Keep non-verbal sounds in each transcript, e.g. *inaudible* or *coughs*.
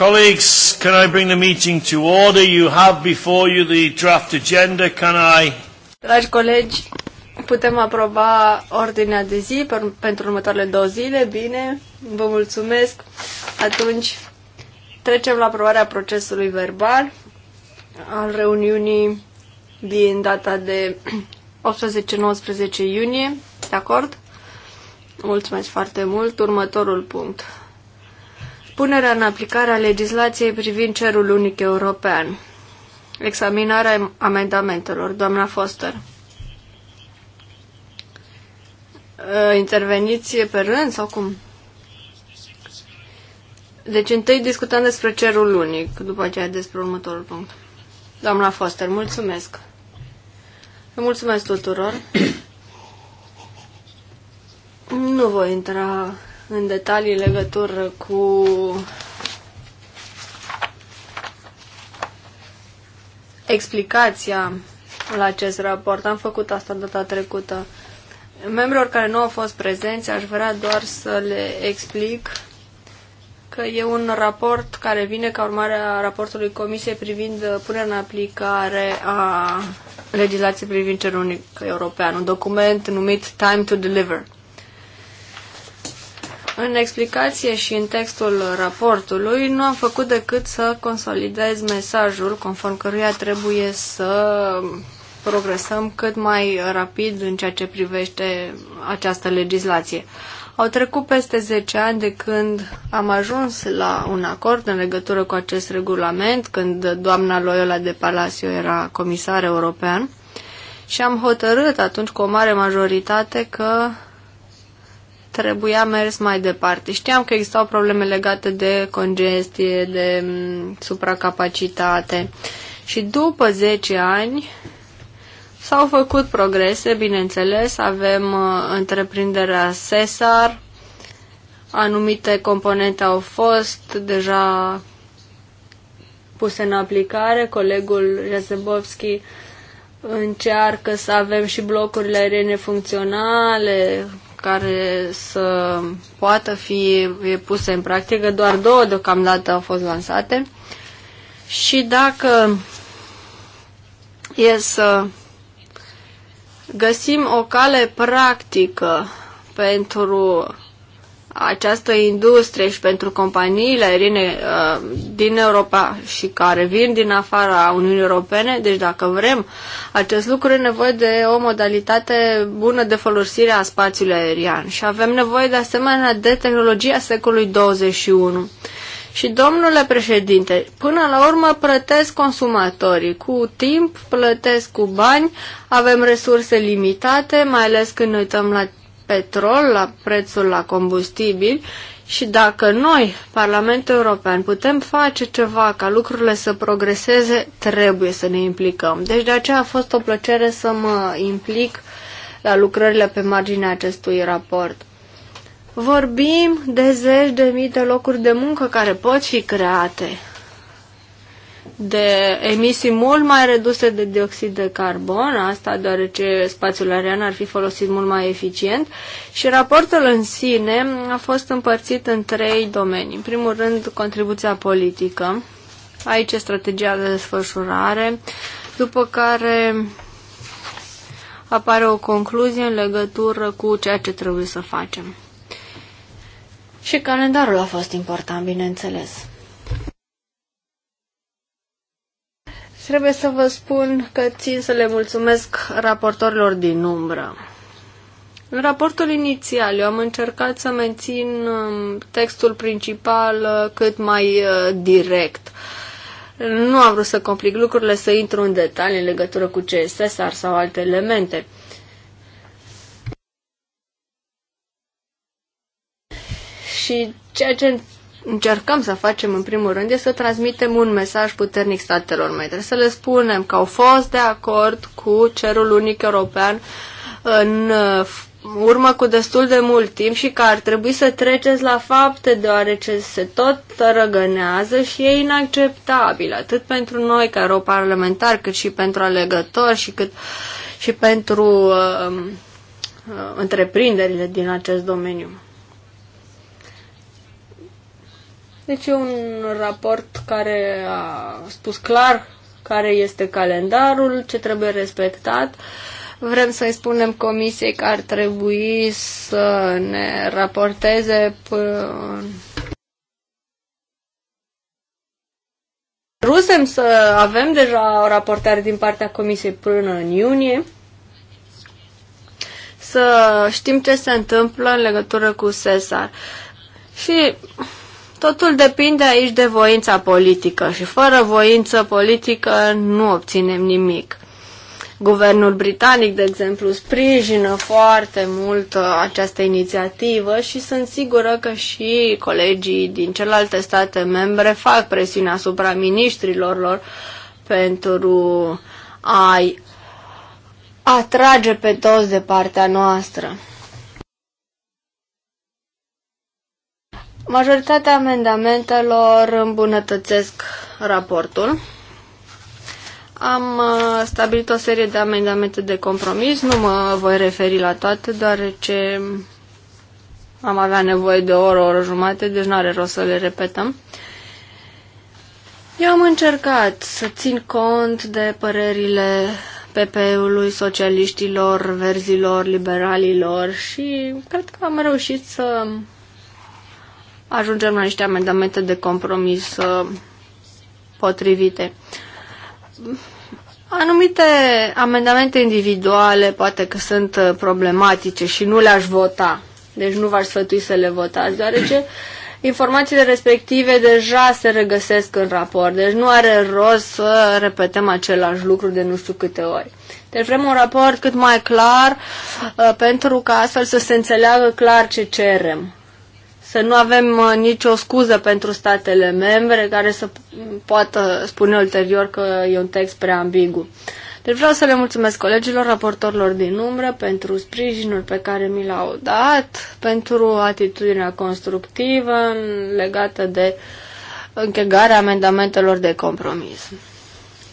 Colleagues, can I bring the meeting to order? You have before you the draft agenda. Can I? Dragi colegi, putem aproba ordinea de zi per, pentru următoarele două zile. Bine, vă mulțumesc. Atunci trecem la aprobarea procesului verbal al reuniunii din data de 18-19 *clears throat* iunie. De acord? Mulțumesc foarte mult. Următorul punct punerea în aplicare a legislației privind cerul unic european. Examinarea amendamentelor. Doamna Foster. Ă, interveniți pe rând sau cum? Deci întâi discutăm despre cerul unic, după aceea despre următorul punct. Doamna Foster, mulțumesc. Vă mulțumesc tuturor. *coughs* nu voi intra în detalii legătură cu explicația la acest raport. Am făcut asta data trecută. Membrilor care nu au fost prezenți, aș vrea doar să le explic că e un raport care vine ca urmare a raportului Comisiei privind punerea în aplicare a legislației privind cerul unic european, un document numit Time to Deliver – în explicație și în textul raportului nu am făcut decât să consolidez mesajul conform căruia trebuie să progresăm cât mai rapid în ceea ce privește această legislație. Au trecut peste 10 ani de când am ajuns la un acord în legătură cu acest regulament, când doamna Loyola de Palacio era comisar european și am hotărât atunci cu o mare majoritate că trebuia mers mai departe. Știam că existau probleme legate de congestie, de mm, supracapacitate și după 10 ani s-au făcut progrese, bineînțeles, avem uh, întreprinderea Cesar, anumite componente au fost deja puse în aplicare, colegul Jazebovski încearcă să avem și blocurile aeriene funcționale, care să poată fi puse în practică. Doar două deocamdată au fost lansate. Și dacă e să găsim o cale practică pentru această industrie și pentru companiile aeriene uh, din Europa și care vin din afara Uniunii Europene, deci dacă vrem acest lucru, e nevoie de o modalitate bună de folosire a spațiului aerian și avem nevoie de asemenea de tehnologia secolului 21. Și domnule președinte, până la urmă plătesc consumatorii. Cu timp, plătesc cu bani, avem resurse limitate, mai ales când ne uităm la petrol, la prețul la combustibil și dacă noi, Parlamentul European, putem face ceva ca lucrurile să progreseze, trebuie să ne implicăm. Deci de aceea a fost o plăcere să mă implic la lucrările pe marginea acestui raport. Vorbim de zeci de mii de locuri de muncă care pot fi create de emisii mult mai reduse de dioxid de carbon, asta deoarece spațiul aerian ar fi folosit mult mai eficient și raportul în sine a fost împărțit în trei domenii. În primul rând, contribuția politică, aici strategia de desfășurare, după care apare o concluzie în legătură cu ceea ce trebuie să facem. Și calendarul a fost important, bineînțeles. Trebuie să vă spun că țin să le mulțumesc raportorilor din umbră. În raportul inițial eu am încercat să mențin um, textul principal uh, cât mai uh, direct. Nu am vrut să complic lucrurile, să intru în detalii în legătură cu CSSR sau alte elemente. Și ceea ce încercăm să facem în primul rând este să transmitem un mesaj puternic statelor membre, să le spunem că au fost de acord cu cerul unic european în uh, urmă cu destul de mult timp și că ar trebui să treceți la fapte deoarece se tot răgânează și e inacceptabil atât pentru noi ca europarlamentari cât și pentru alegători și, cât, și pentru uh, uh, întreprinderile din acest domeniu. Deci e un raport care a spus clar care este calendarul, ce trebuie respectat. Vrem să-i spunem comisiei că ar trebui să ne raporteze Rusem să avem deja o raportare din partea comisiei până în iunie, să știm ce se întâmplă în legătură cu Cesar. Și Totul depinde aici de voința politică și fără voință politică nu obținem nimic. Guvernul britanic, de exemplu, sprijină foarte mult uh, această inițiativă și sunt sigură că și colegii din celelalte state membre fac presiune asupra ministrilor lor pentru a-i atrage pe toți de partea noastră. Majoritatea amendamentelor îmbunătățesc raportul. Am uh, stabilit o serie de amendamente de compromis, nu mă voi referi la toate, deoarece am avea nevoie de o oră, o oră jumate, deci nu are rost să le repetăm. Eu am încercat să țin cont de părerile PP-ului, socialiștilor, verzilor, liberalilor și cred că am reușit să ajungem la niște amendamente de compromis uh, potrivite. Anumite amendamente individuale poate că sunt uh, problematice și nu le-aș vota. Deci nu v-aș sfătui să le votați, deoarece informațiile respective deja se regăsesc în raport. Deci nu are rost să repetăm același lucru de nu știu câte ori. Deci vrem un raport cât mai clar uh, pentru ca astfel să se înțeleagă clar ce cerem să nu avem uh, nicio scuză pentru statele membre care să poată spune ulterior că e un text prea ambigu. Deci vreau să le mulțumesc colegilor, raportorilor din umbră pentru sprijinul pe care mi l-au dat, pentru atitudinea constructivă legată de închegarea amendamentelor de compromis.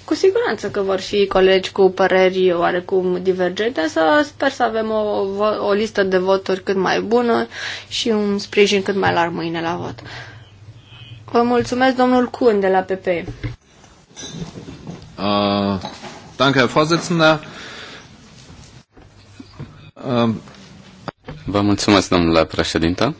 Cu siguranță că vor fi colegi cu păreri oarecum divergente, să sper să avem o, o listă de voturi cât mai bună și un sprijin cât mai larg mâine la vot. Vă mulțumesc, domnul Kuhn de la PP. Uh, danke, Herr Vorsitzender. Uh, Vă mulțumesc, domnule președinte.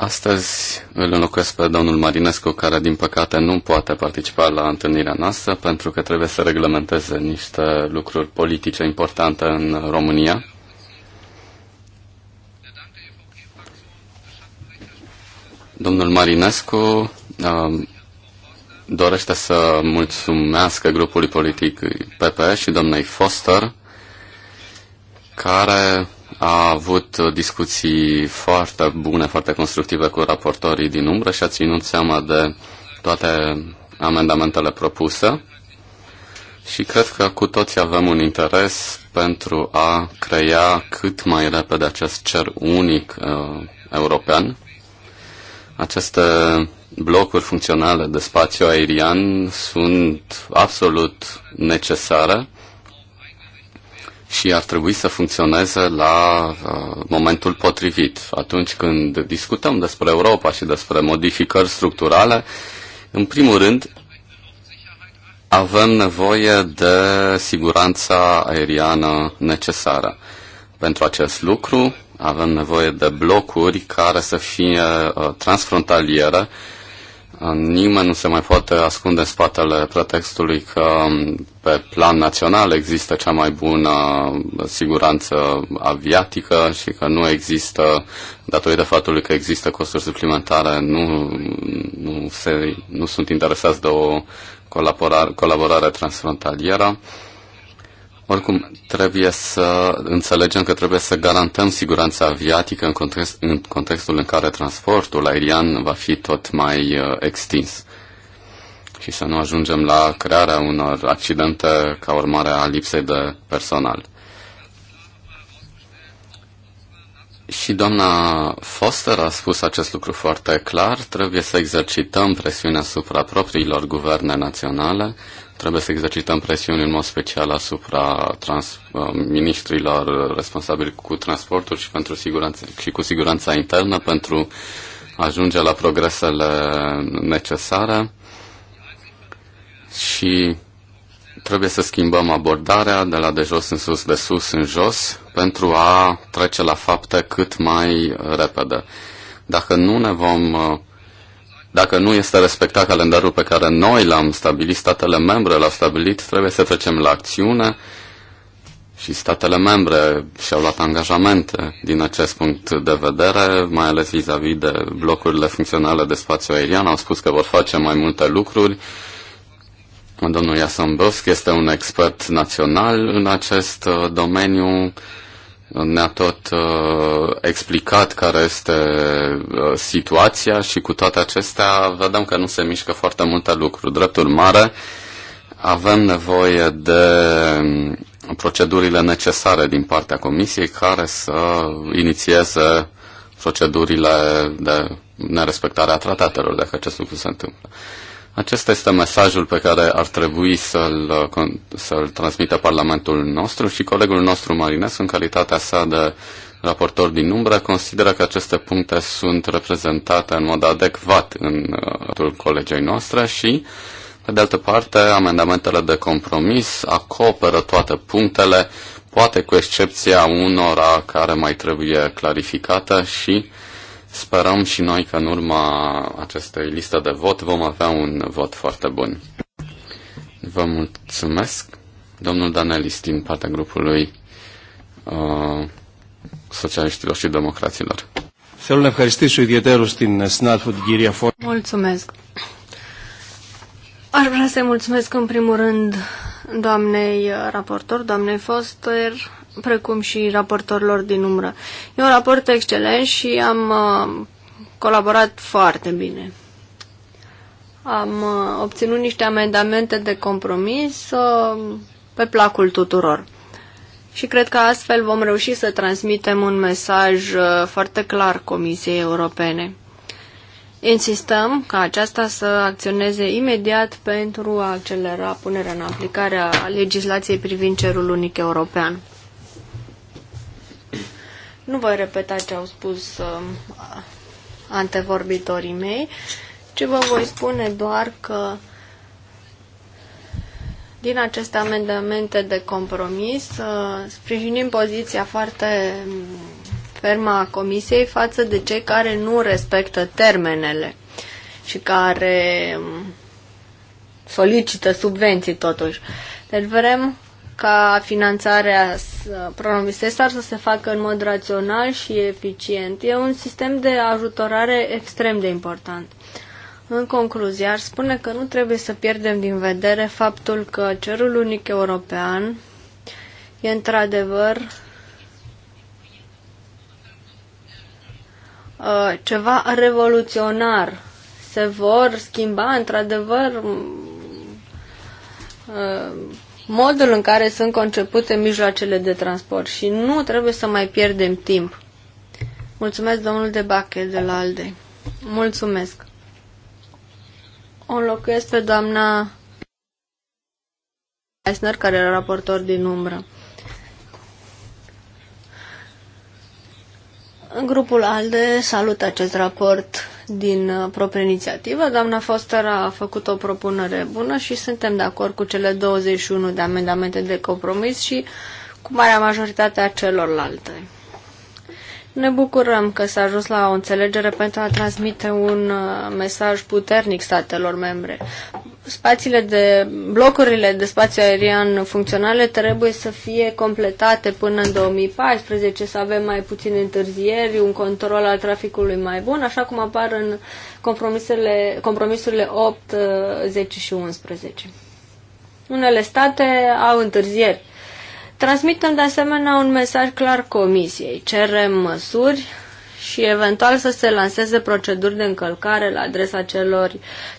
Astăzi îl înlocuiesc pe domnul Marinescu, care din păcate nu poate participa la întâlnirea noastră pentru că trebuie să reglementeze niște lucruri politice importante în România. Domnul Marinescu um, dorește să mulțumească grupului politic PP și domnei Foster, care a avut uh, discuții foarte bune, foarte constructive cu raportorii din umbră și a ținut seama de toate amendamentele propuse și cred că cu toți avem un interes pentru a crea cât mai repede acest cer unic uh, european. Aceste blocuri funcționale de spațiu aerian sunt absolut necesare și ar trebui să funcționeze la uh, momentul potrivit. Atunci când discutăm despre Europa și despre modificări structurale, în primul rând avem nevoie de siguranța aeriană necesară. Pentru acest lucru avem nevoie de blocuri care să fie uh, transfrontaliere, uh, Nimeni nu se mai poate ascunde în spatele pretextului că pe plan național există cea mai bună siguranță aviatică și că nu există, datorită faptului că există costuri suplimentare, nu, nu, se, nu sunt interesați de o colaborare, colaborare transfrontalieră. Uh, oricum, trebuie să înțelegem că trebuie să garantăm siguranța aviatică în, context, în contextul în care transportul aerian va fi tot mai uh, extins și să nu ajungem la crearea unor accidente ca urmare a lipsei de personal. Și doamna Foster a spus acest lucru foarte clar, trebuie să exercităm presiunea asupra propriilor guverne naționale Trebuie să exercităm presiuni în mod special asupra trans, uh, ministrilor responsabili cu transportul și, pentru siguranță, și cu siguranța internă pentru a ajunge la progresele necesare și trebuie să schimbăm abordarea de la de jos în sus, de sus în jos, pentru a trece la fapte cât mai repede. Dacă nu ne vom uh, dacă nu este respectat calendarul pe care noi l-am stabilit, statele membre l-au stabilit, trebuie să trecem la acțiune și statele membre și-au luat angajamente din acest punct de vedere, mai ales vis-a-vis -vis de blocurile funcționale de spațiu aerian. Au spus că vor face mai multe lucruri. Domnul Iasambovski este un expert național în acest uh, domeniu ne-a tot uh, explicat care este uh, situația și cu toate acestea vedem că nu se mișcă foarte multe lucruri. Drept urmare, avem nevoie de um, procedurile necesare din partea Comisiei care să inițieze procedurile de nerespectare a tratatelor, dacă acest lucru se întâmplă. Acesta este mesajul pe care ar trebui să-l, să-l transmită Parlamentul nostru și colegul nostru Marinescu, în calitatea sa de raportor din umbră, consideră că aceste puncte sunt reprezentate în mod adecvat în uh, rândul colegei noastre și, pe de altă parte, amendamentele de compromis acoperă toate punctele, poate cu excepția unora care mai trebuie clarificată și Sperăm și noi că în urma acestei liste de vot vom avea un vot foarte bun. Vă mulțumesc, domnul Daniel din partea grupului uh, Socialiștilor și Democraților. Θέλω να ευχαριστήσω din στην συνάδελφο την Mulțumesc. Aș vrea să mulțumesc în primul rând doamnei raportor, doamnei Foster, precum și raportorilor din umbră. E un raport excelent și am uh, colaborat foarte bine. Am uh, obținut niște amendamente de compromis uh, pe placul tuturor. Și cred că astfel vom reuși să transmitem un mesaj foarte clar Comisiei Europene. Insistăm ca aceasta să acționeze imediat pentru a accelera punerea în aplicare a legislației privind cerul unic european. Nu voi repeta ce au spus uh, antevorbitorii mei, ci vă voi spune doar că din aceste amendamente de compromis uh, sprijinim poziția foarte fermă a Comisiei față de cei care nu respectă termenele și care um, solicită subvenții totuși. Deci vrem ca finanțarea SESAR să se facă în mod rațional și eficient. E un sistem de ajutorare extrem de important. În concluzie, ar spune că nu trebuie să pierdem din vedere faptul că cerul unic european e într-adevăr uh, ceva revoluționar. Se vor schimba într-adevăr uh, modul în care sunt concepute mijloacele de transport și nu trebuie să mai pierdem timp. Mulțumesc, domnul de Bache, de la ALDE. Mulțumesc. O înlocuiesc pe doamna Eisner, care era raportor din umbră. În grupul ALDE salut acest raport din uh, proprie inițiativă. Doamna Foster a făcut o propunere bună și suntem de acord cu cele 21 de amendamente de compromis și cu marea majoritate a celorlalte. Ne bucurăm că s-a ajuns la o înțelegere pentru a transmite un uh, mesaj puternic statelor membre. Spațiile de, blocurile de spațiu aerian funcționale trebuie să fie completate până în 2014, să avem mai puține întârzieri, un control al traficului mai bun, așa cum apar în compromisurile, compromisurile 8, 10 și 11. Unele state au întârzieri Transmitem de asemenea un mesaj clar comisiei. Cerem măsuri și eventual să se lanseze proceduri de încălcare la adresa celor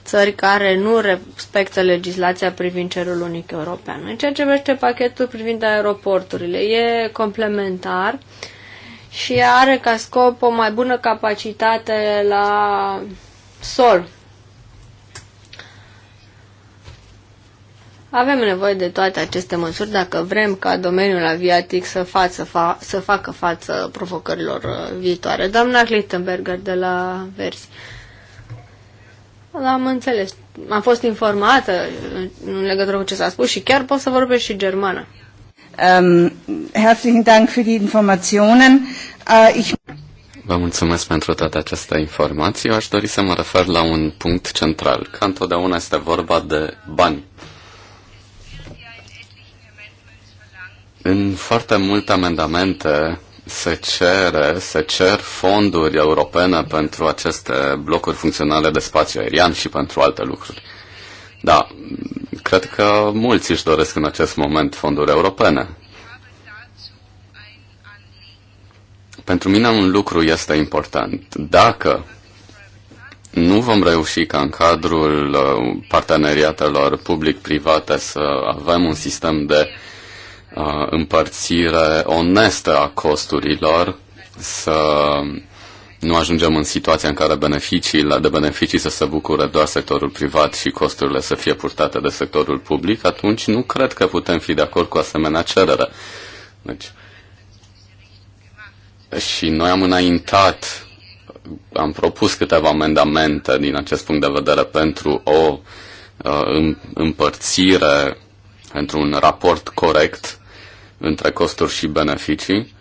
țări care nu respectă legislația privind cerul unic european. În ceea ce privește pachetul privind aeroporturile, e complementar și are ca scop o mai bună capacitate la sol Avem nevoie de toate aceste măsuri dacă vrem ca domeniul aviatic să, față, fa, să facă față provocărilor uh, viitoare. Doamna Glittenberger de la Versi. am înțeles. Am fost informată uh, în legătură cu ce s-a spus și chiar pot să vorbesc și germană. Um, herzlichen Dank für die Informationen. Uh, ich... Vă mulțumesc pentru toate aceste informații. Eu aș dori să mă refer la un punct central, că întotdeauna este vorba de bani. În foarte multe amendamente se cere, se cer fonduri europene pentru aceste blocuri funcționale de spațiu aerian și pentru alte lucruri. Da, cred că mulți își doresc în acest moment fonduri europene. Pentru mine un lucru este important. Dacă nu vom reuși ca în cadrul uh, parteneriatelor public-private să avem un sistem de uh, Uh, împărțire onestă a costurilor, să nu ajungem în situația în care beneficiile, de beneficii să se bucure doar sectorul privat și costurile să fie purtate de sectorul public, atunci nu cred că putem fi de acord cu asemenea cerere. Deci, și noi am înaintat, am propus câteva amendamente din acest punct de vedere pentru o uh, împărțire, pentru un raport corect între costuri și beneficii.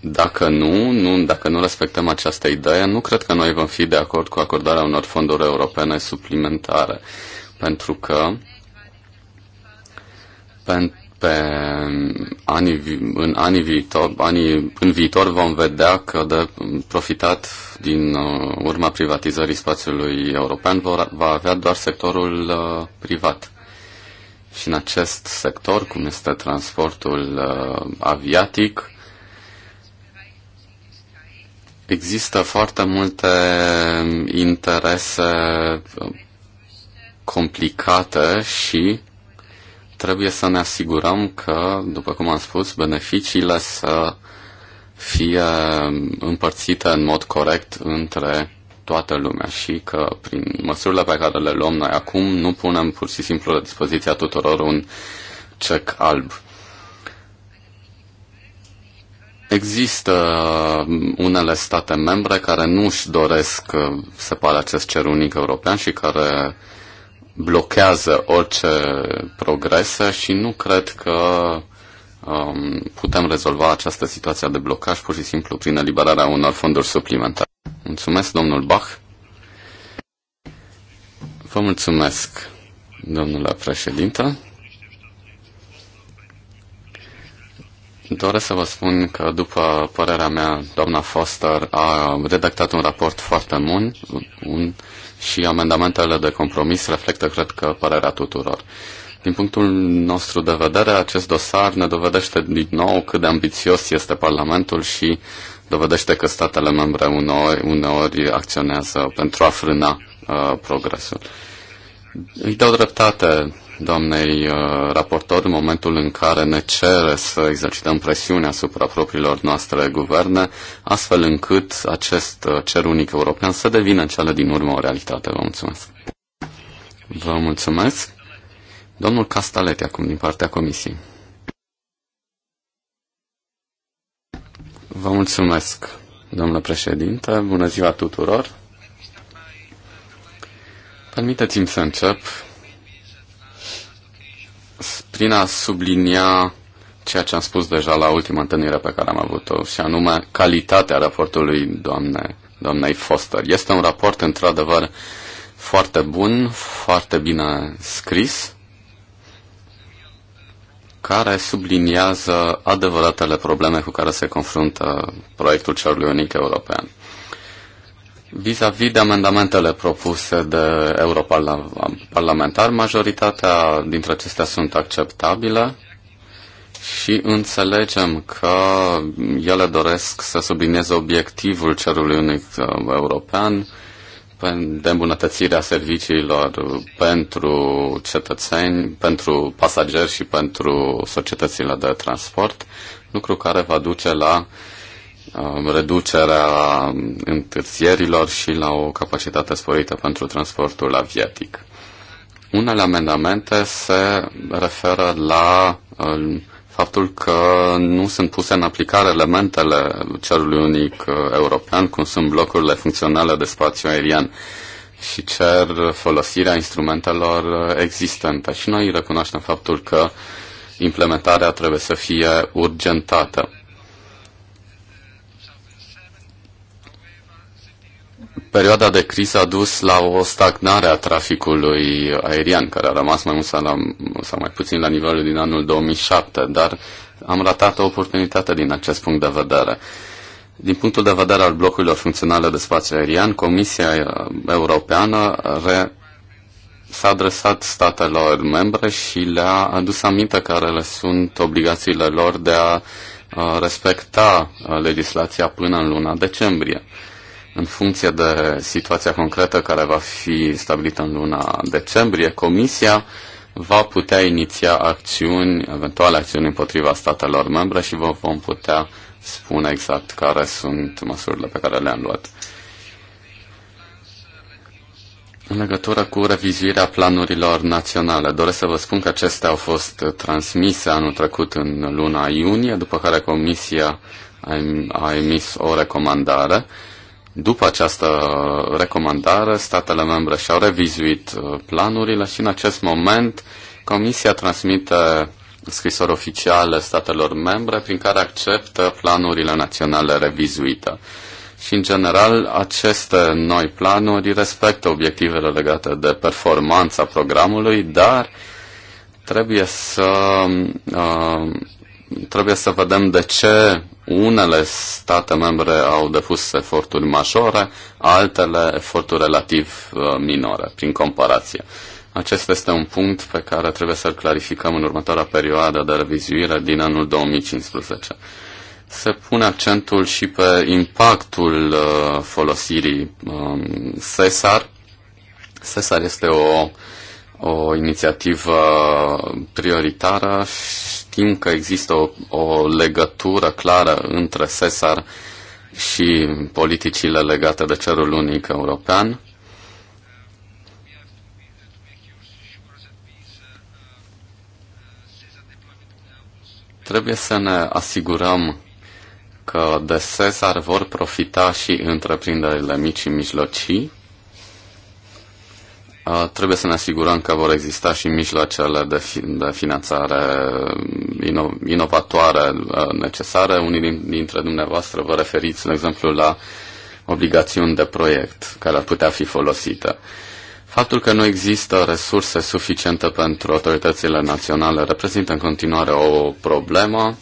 Dacă nu, nu, dacă nu respectăm această idee, nu cred că noi vom fi de acord cu acordarea unor fonduri europene suplimentare, pentru că pe, pe anii, în anii viitor, anii, în viitor vom vedea că de profitat din uh, urma privatizării spațiului european vor, va avea doar sectorul uh, privat și în acest sector, cum este transportul uh, aviatic, există foarte multe interese uh, complicate și trebuie să ne asigurăm că, după cum am spus, beneficiile să fie împărțite în mod corect între toată lumea și că prin măsurile pe care le luăm noi acum nu punem pur și simplu la dispoziția tuturor un cec alb. Există um, unele state membre care nu își doresc um, să pare acest cer unic european și care blochează orice progrese și nu cred că um, putem rezolva această situație de blocaj pur și simplu prin eliberarea unor fonduri suplimentare. Mulțumesc, domnul Bach. Vă mulțumesc, domnule președinte. Doresc să vă spun că, după părerea mea, doamna Foster a redactat un raport foarte bun un, și amendamentele de compromis reflectă, cred că, părerea tuturor. Din punctul nostru de vedere, acest dosar ne dovedește din nou cât de ambițios este Parlamentul și dovedește că statele membre uneori, uneori acționează pentru a frâna uh, progresul. Îi dau dreptate doamnei uh, raportor în momentul în care ne cere să exercităm presiune asupra propriilor noastre guverne, astfel încât acest uh, cer unic european să devină în cele din urmă o realitate. Vă mulțumesc! Vă mulțumesc! Domnul Castalete, acum din partea Comisiei. Vă mulțumesc, domnule președinte. Bună ziua tuturor. Permiteți-mi să încep prin a sublinia ceea ce am spus deja la ultima întâlnire pe care am avut-o, și anume calitatea raportului doamne, doamnei Foster. Este un raport, într-adevăr, foarte bun, foarte bine scris care subliniază adevăratele probleme cu care se confruntă proiectul cerului unic european. Vis-a-vis -vis de amendamentele propuse de europarlamentar, majoritatea dintre acestea sunt acceptabile și înțelegem că ele doresc să sublinieze obiectivul cerului unic uh, european, de îmbunătățirea serviciilor pentru cetățeni, pentru pasageri și pentru societățile de transport, lucru care va duce la um, reducerea întârzierilor și la o capacitate sporită pentru transportul aviatic. Unele amendamente se referă la um, faptul că nu sunt puse în aplicare elementele cerului unic uh, european, cum sunt blocurile funcționale de spațiu aerian și cer folosirea instrumentelor existente. Și noi recunoaștem faptul că implementarea trebuie să fie urgentată. Perioada de criză a dus la o stagnare a traficului aerian, care a rămas mai mult sau, la, sau mai puțin la nivelul din anul 2007, dar am ratat o oportunitate din acest punct de vedere. Din punctul de vedere al blocurilor funcționale de spațiu aerian, Comisia uh, Europeană re- s-a adresat statelor membre și le-a adus aminte care le sunt obligațiile lor de a uh, respecta uh, legislația până în luna decembrie. În funcție de situația concretă care va fi stabilită în luna decembrie, Comisia va putea iniția acțiuni, eventuale acțiuni împotriva statelor membre și vă vom putea spune exact care sunt măsurile pe care le-am luat. În legătură cu revizuirea planurilor naționale, doresc să vă spun că acestea au fost transmise anul trecut în luna iunie, după care Comisia a emis o recomandare după această recomandare, statele membre și-au revizuit uh, planurile și în acest moment Comisia transmite scrisori oficiale statelor membre prin care acceptă planurile naționale revizuite. Și, în general, aceste noi planuri respectă obiectivele legate de performanța programului, dar trebuie să uh, trebuie să vedem de ce unele state membre au depus eforturi majore, altele eforturi relativ uh, minore, prin comparație. Acesta este un punct pe care trebuie să-l clarificăm în următoarea perioadă de revizuire din anul 2015. Se pune accentul și pe impactul uh, folosirii um, SESAR. SESAR este o o inițiativă prioritară. Știm că există o, o legătură clară între SESAR și politicile legate de cerul unic european. Trebuie să ne asigurăm că de SESAR vor profita și întreprinderile mici și mijlocii Trebuie să ne asigurăm că vor exista și mijloacele de, fi, de finanțare um, ino, inovatoare uh, necesare. Unii din, dintre dumneavoastră vă referiți, de exemplu, la obligațiuni de proiect care ar putea fi folosite. Faptul că nu există resurse suficiente pentru autoritățile naționale reprezintă în continuare o problemă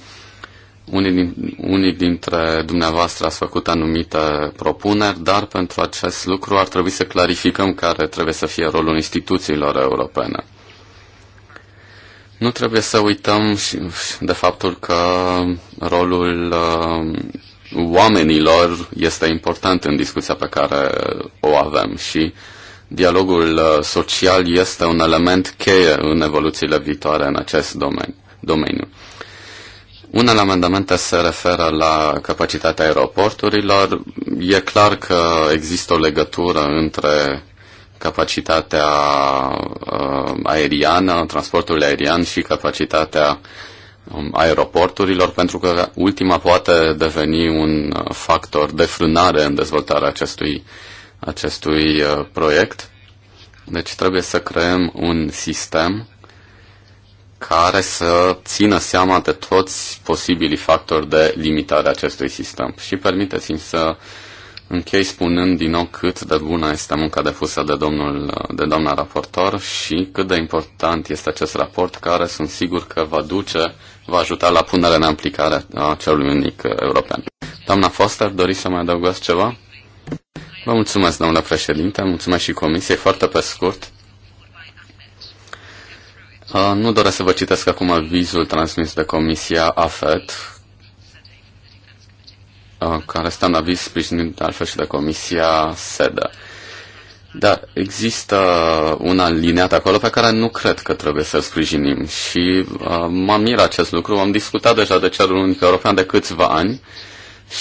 unii, din, unii dintre dumneavoastră ați făcut anumite propuneri, dar pentru acest lucru ar trebui să clarificăm care trebuie să fie rolul instituțiilor europene. Nu trebuie să uităm și de faptul că rolul uh, oamenilor este important în discuția pe care o avem și dialogul uh, social este un element cheie în evoluțiile viitoare în acest domeniu. domeniu. Unele amendamente se referă la capacitatea aeroporturilor. E clar că există o legătură între capacitatea uh, aeriană, transportul aerian și capacitatea um, aeroporturilor, pentru că ultima poate deveni un factor de frânare în dezvoltarea acestui, acestui uh, proiect. Deci trebuie să creăm un sistem care să țină seama de toți posibilii factori de limitare a acestui sistem. Și permiteți-mi să închei spunând din nou cât de bună este munca depusă de, domnul, de doamna raportor și cât de important este acest raport care sunt sigur că va duce, va ajuta la punerea în aplicare a celui unic european. Doamna Foster, doriți să mai adăugați ceva? Vă mulțumesc, domnule președinte, mulțumesc și comisiei, foarte pe scurt. Uh, nu doresc să vă citesc acum avizul transmis de Comisia AFET, uh, care stă în aviz sprijinit altfel și de Comisia Seda. Da, există una alineat acolo pe care nu cred că trebuie să-l sprijinim și uh, mă miră acest lucru. Am discutat deja de cerul unic european de câțiva ani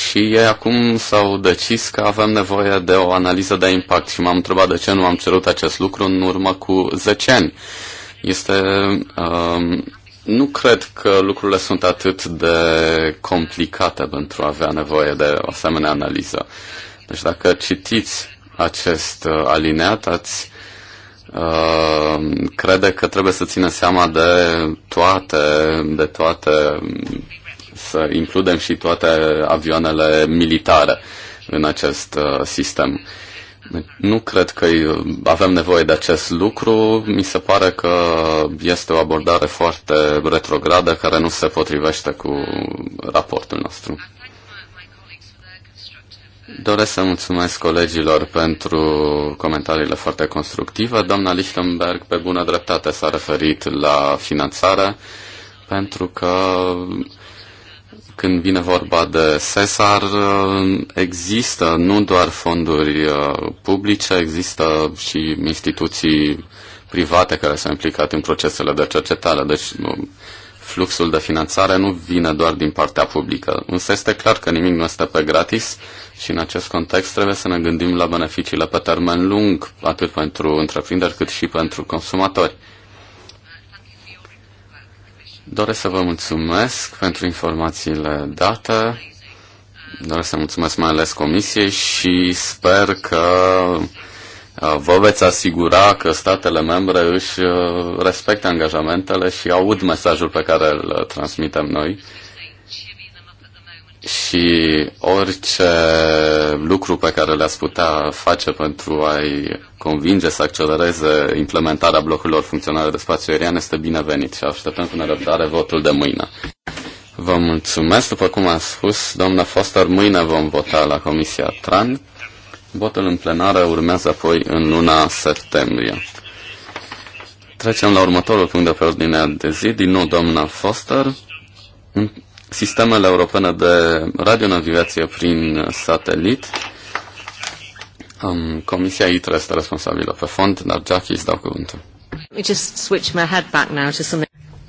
și ei acum s-au decis că avem nevoie de o analiză de impact și m-am întrebat de ce nu am cerut acest lucru în urmă cu 10 ani. Uh, este Um, nu cred că lucrurile sunt atât de complicate pentru a avea nevoie de o asemenea analiză. Deci dacă citiți acest uh, alineat, ați uh, crede că trebuie să țină seama de toate, de toate, să includem și toate avioanele militare în acest uh, sistem. Nu cred că avem nevoie de acest lucru. Mi se pare că este o abordare foarte retrogradă care nu se potrivește cu raportul nostru. Doresc să mulțumesc colegilor pentru comentariile foarte constructive. Doamna Lichtenberg, pe bună dreptate, s-a referit la finanțare, pentru că când vine vorba de SESAR, uh, există nu doar fonduri uh, publice, există și instituții private care s-au implicat în procesele de cercetare. Deci uh, fluxul de finanțare nu vine doar din partea publică. Însă este clar că nimic nu este pe gratis și în acest context trebuie să ne gândim la beneficiile pe termen lung, atât pentru întreprinderi cât și pentru consumatori. Doresc să vă mulțumesc pentru informațiile date. Doresc să mulțumesc mai ales Comisiei și sper că uh, vă veți asigura că statele membre își uh, respectă angajamentele și aud mesajul pe care îl uh, transmitem noi și orice lucru pe care le-ați putea face pentru a-i convinge să accelereze implementarea blocurilor funcționale de spațiu aerian este binevenit și așteptăm cu nerăbdare votul de mâine. Vă mulțumesc. După cum a spus, doamna Foster, mâine vom vota la Comisia TRAN. Votul în plenară urmează apoi în luna septembrie. Trecem la următorul punct de pe ordinea de zi. Din nou, doamna Foster sistemele europene de radionavigație prin satelit. Um, Comisia ITRE este responsabilă pe fond, dar Jackie îți dau cuvântul.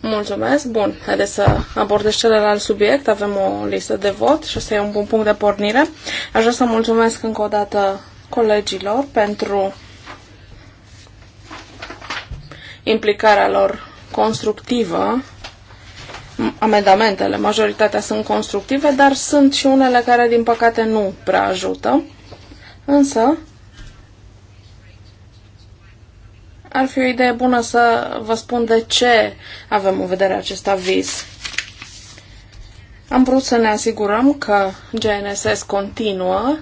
Mulțumesc. Bun, haideți să abordez celălalt subiect. Avem o listă de vot și să e un bun punct de pornire. Aș vrea să mulțumesc încă o dată colegilor pentru implicarea lor constructivă amendamentele, majoritatea sunt constructive, dar sunt și unele care, din păcate, nu prea ajută. Însă, ar fi o idee bună să vă spun de ce avem în vedere acest aviz. Am vrut să ne asigurăm că GNSS continuă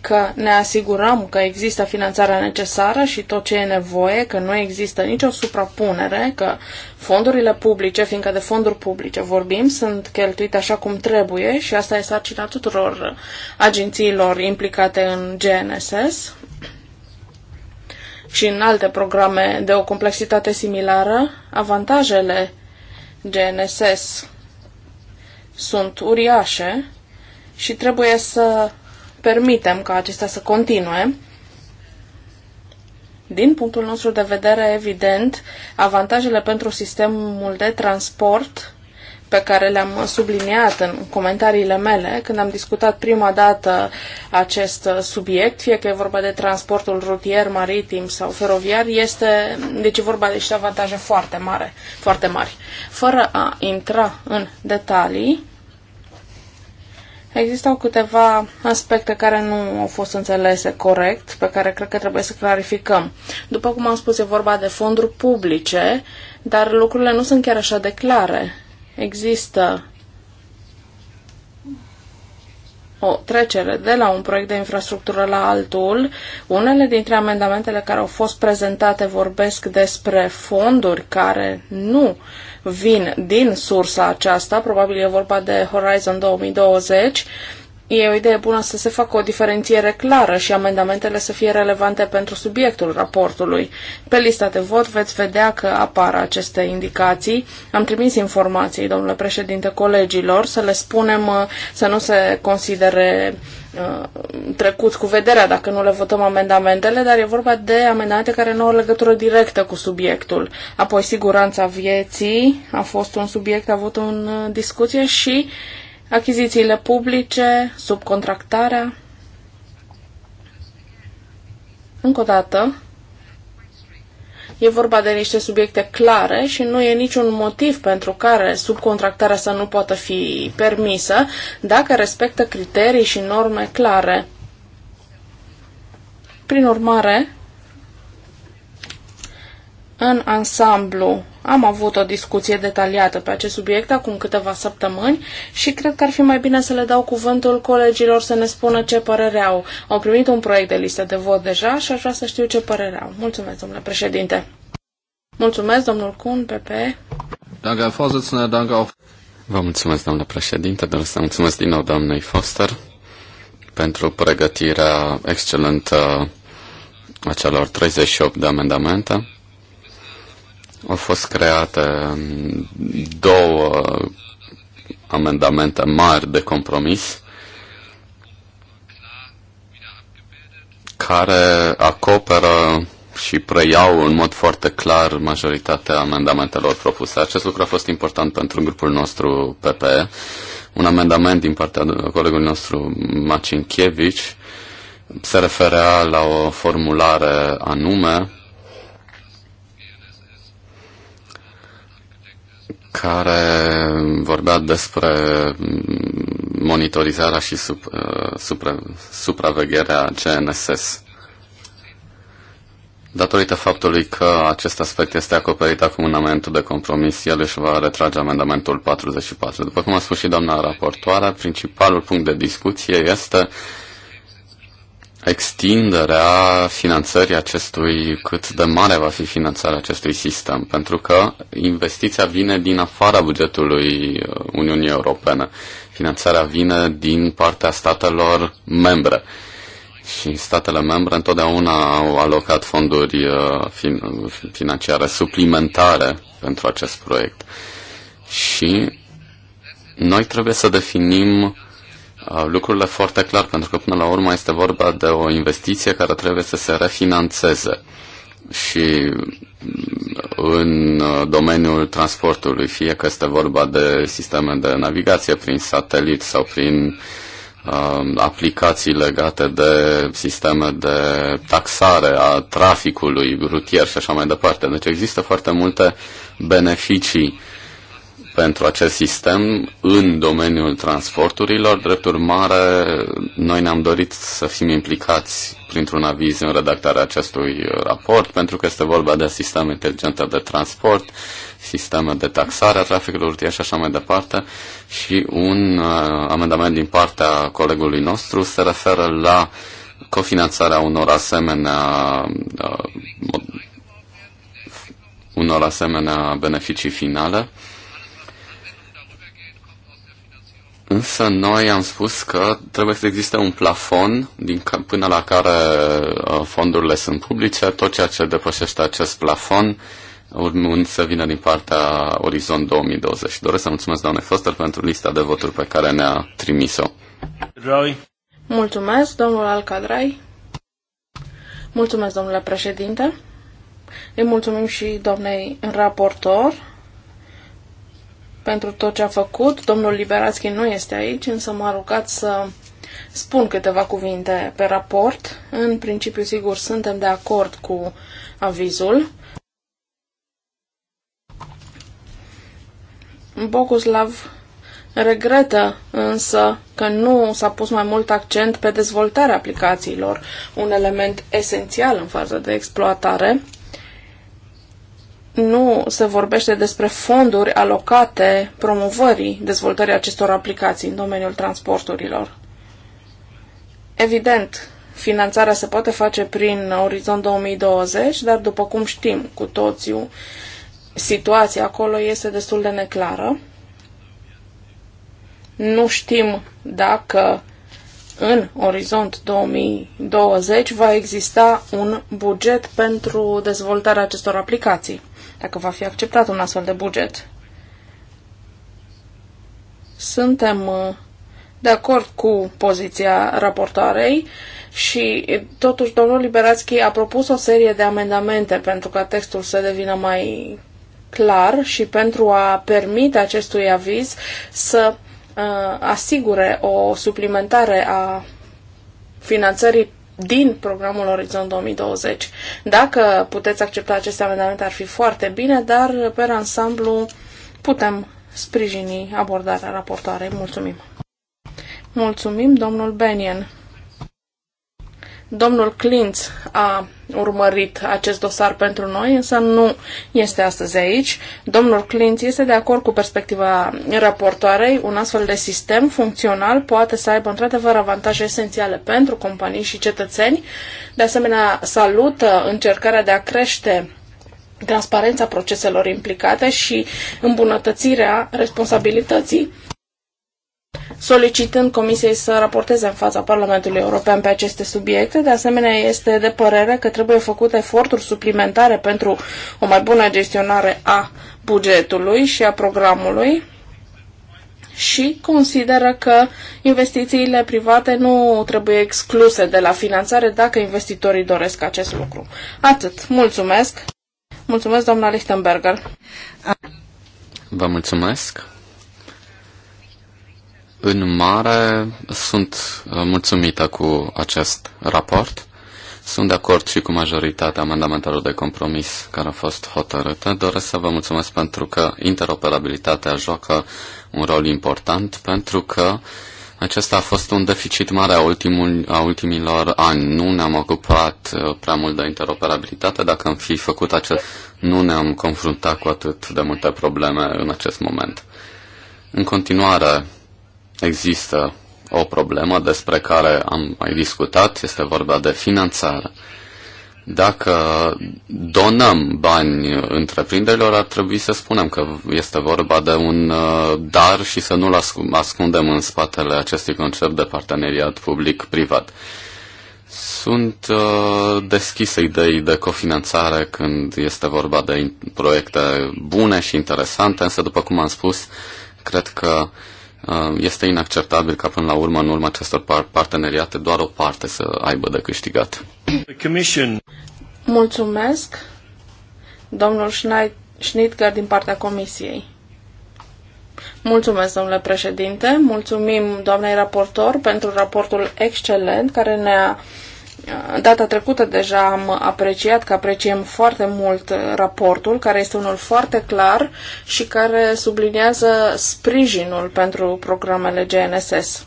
că ne asigurăm că există finanțarea necesară și tot ce e nevoie, că nu există nicio suprapunere, că fondurile publice, fiindcă de fonduri publice vorbim, sunt cheltuite așa cum trebuie și asta e sarcina tuturor agențiilor implicate în GNSS și în alte programe de o complexitate similară, avantajele GNSS sunt uriașe și trebuie să permitem ca acestea să continue. Din punctul nostru de vedere, evident, avantajele pentru sistemul de transport pe care le-am subliniat în comentariile mele când am discutat prima dată acest subiect, fie că e vorba de transportul rutier, maritim sau feroviar, este, deci e vorba de niște avantaje foarte mare, foarte mari. Fără a intra în detalii, Existau câteva aspecte care nu au fost înțelese corect, pe care cred că trebuie să clarificăm. După cum am spus, e vorba de fonduri publice, dar lucrurile nu sunt chiar așa de clare. Există o trecere de la un proiect de infrastructură la altul. Unele dintre amendamentele care au fost prezentate vorbesc despre fonduri care nu vin din sursa aceasta, probabil e vorba de Horizon 2020, E o idee bună să se facă o diferențiere clară și amendamentele să fie relevante pentru subiectul raportului. Pe lista de vot veți vedea că apar aceste indicații. Am trimis informații, domnule președinte, colegilor să le spunem uh, să nu se considere uh, trecut cu vederea dacă nu le votăm amendamentele, dar e vorba de amendamente care nu au legătură directă cu subiectul. Apoi, siguranța vieții a fost un subiect avut în uh, discuție și achizițiile publice, subcontractarea. Încă o dată, e vorba de niște subiecte clare și nu e niciun motiv pentru care subcontractarea să nu poată fi permisă dacă respectă criterii și norme clare. Prin urmare, în ansamblu. Am avut o discuție detaliată pe acest subiect acum câteva săptămâni și cred că ar fi mai bine să le dau cuvântul colegilor să ne spună ce părere au. Au primit un proiect de listă de vot deja și aș vrea să știu ce părere au. Mulțumesc, domnule președinte. Mulțumesc, domnul Cun, PP. Vă mulțumesc, domnule președinte, dar să mulțumesc din nou doamnei Foster pentru pregătirea excelentă a celor 38 de amendamente au fost create două amendamente mari de compromis care acoperă și preiau în mod foarte clar majoritatea amendamentelor propuse. Acest lucru a fost important pentru grupul nostru PPE. Un amendament din partea colegului nostru Macinchievici se referea la o formulare anume care vorbea despre monitorizarea și uh, supra, supravegherea CNSS. Datorită faptului că acest aspect este acoperit acum în amendamentul de compromis, el își va retrage amendamentul 44. După cum a spus și doamna raportoare, principalul punct de discuție este uh, extinderea finanțării acestui, cât de mare va fi finanțarea acestui sistem, pentru că investiția vine din afara bugetului uh, Uniunii Europene. Finanțarea vine din partea statelor membre. Și statele membre întotdeauna au alocat fonduri uh, financiare suplimentare pentru acest proiect. Și noi trebuie să definim Uh, lucrurile foarte clar, pentru că până la urmă este vorba de o investiție care trebuie să se refinanțeze. Și mm, în uh, domeniul transportului, fie că este vorba de sisteme de navigație prin satelit sau prin uh, aplicații legate de sisteme de taxare a traficului rutier și așa mai departe. Deci există foarte multe beneficii pentru acest sistem în domeniul transporturilor. Drept urmare, noi ne-am dorit să fim implicați printr-un aviz în redactarea acestui uh, raport, pentru că este vorba de sisteme inteligente de transport, sisteme de taxare a traficului rutier și așa mai departe. Și un uh, amendament din partea colegului nostru se referă la cofinanțarea unor asemenea uh, unor asemenea beneficii finale Însă noi am spus că trebuie să existe un plafon din, până la care uh, fondurile sunt publice, tot ceea ce depășește acest plafon urmând să vină din partea Orizont 2020. Doresc să mulțumesc doamne Foster pentru lista de voturi pe care ne-a trimis-o. Mulțumesc, domnul Alcadrai. Mulțumesc, domnule președinte. Îi mulțumim și doamnei raportor pentru tot ce a făcut. Domnul Liberațchi nu este aici, însă m-a rugat să spun câteva cuvinte pe raport. În principiu, sigur, suntem de acord cu avizul. Boguslav regretă însă că nu s-a pus mai mult accent pe dezvoltarea aplicațiilor, un element esențial în fază de exploatare nu se vorbește despre fonduri alocate promovării dezvoltării acestor aplicații în domeniul transporturilor. Evident, finanțarea se poate face prin Orizont 2020, dar după cum știm cu toții, situația acolo este destul de neclară. Nu știm dacă în orizont 2020 va exista un buget pentru dezvoltarea acestor aplicații dacă va fi acceptat un astfel de buget. Suntem uh, de acord cu poziția raportoarei și totuși domnul Liberațchi a propus o serie de amendamente pentru ca textul să devină mai clar și pentru a permite acestui aviz să uh, asigure o suplimentare a finanțării din programul Orizont 2020. Dacă puteți accepta aceste amendamente, ar fi foarte bine, dar pe ansamblu putem sprijini abordarea raportoarei. Mulțumim! Mulțumim, domnul Benien! Domnul Clintz a urmărit acest dosar pentru noi, însă nu este astăzi aici. Domnul Clintz este de acord cu perspectiva raportoarei. Un astfel de sistem funcțional poate să aibă într-adevăr avantaje esențiale pentru companii și cetățeni. De asemenea, salută încercarea de a crește transparența proceselor implicate și îmbunătățirea responsabilității solicitând Comisiei să raporteze în fața Parlamentului European pe aceste subiecte. De asemenea, este de părere că trebuie făcute eforturi suplimentare pentru o mai bună gestionare a bugetului și a programului și consideră că investițiile private nu trebuie excluse de la finanțare dacă investitorii doresc acest lucru. Atât. Mulțumesc. Mulțumesc, doamna Lichtenberger. Vă mulțumesc. În mare, sunt uh, mulțumită cu acest raport. Sunt de acord și cu majoritatea amendamentelor de compromis care au fost hotărâte. Doresc să vă mulțumesc pentru că interoperabilitatea joacă un rol important, pentru că acesta a fost un deficit mare a, ultimul, a ultimilor ani. Nu ne-am ocupat uh, prea mult de interoperabilitate. Dacă am fi făcut acest, nu ne-am confruntat cu atât de multe probleme în acest moment. În continuare, există o problemă despre care am mai discutat, este vorba de finanțare. Dacă donăm bani întreprinderilor, ar trebui să spunem că este vorba de un uh, dar și să nu-l ascundem în spatele acestui concept de parteneriat public-privat. Sunt uh, deschise idei de cofinanțare când este vorba de proiecte bune și interesante, însă, după cum am spus, cred că Uh, este inacceptabil ca până la urmă, în urma acestor parteneriate, doar o parte să aibă de câștigat. Mulțumesc, domnul Schnitger din partea Comisiei. Mulțumesc, domnule președinte. Mulțumim doamnei raportor pentru raportul excelent care ne-a Data trecută deja am apreciat că apreciem foarte mult raportul, care este unul foarte clar și care subliniază sprijinul pentru programele GNSS.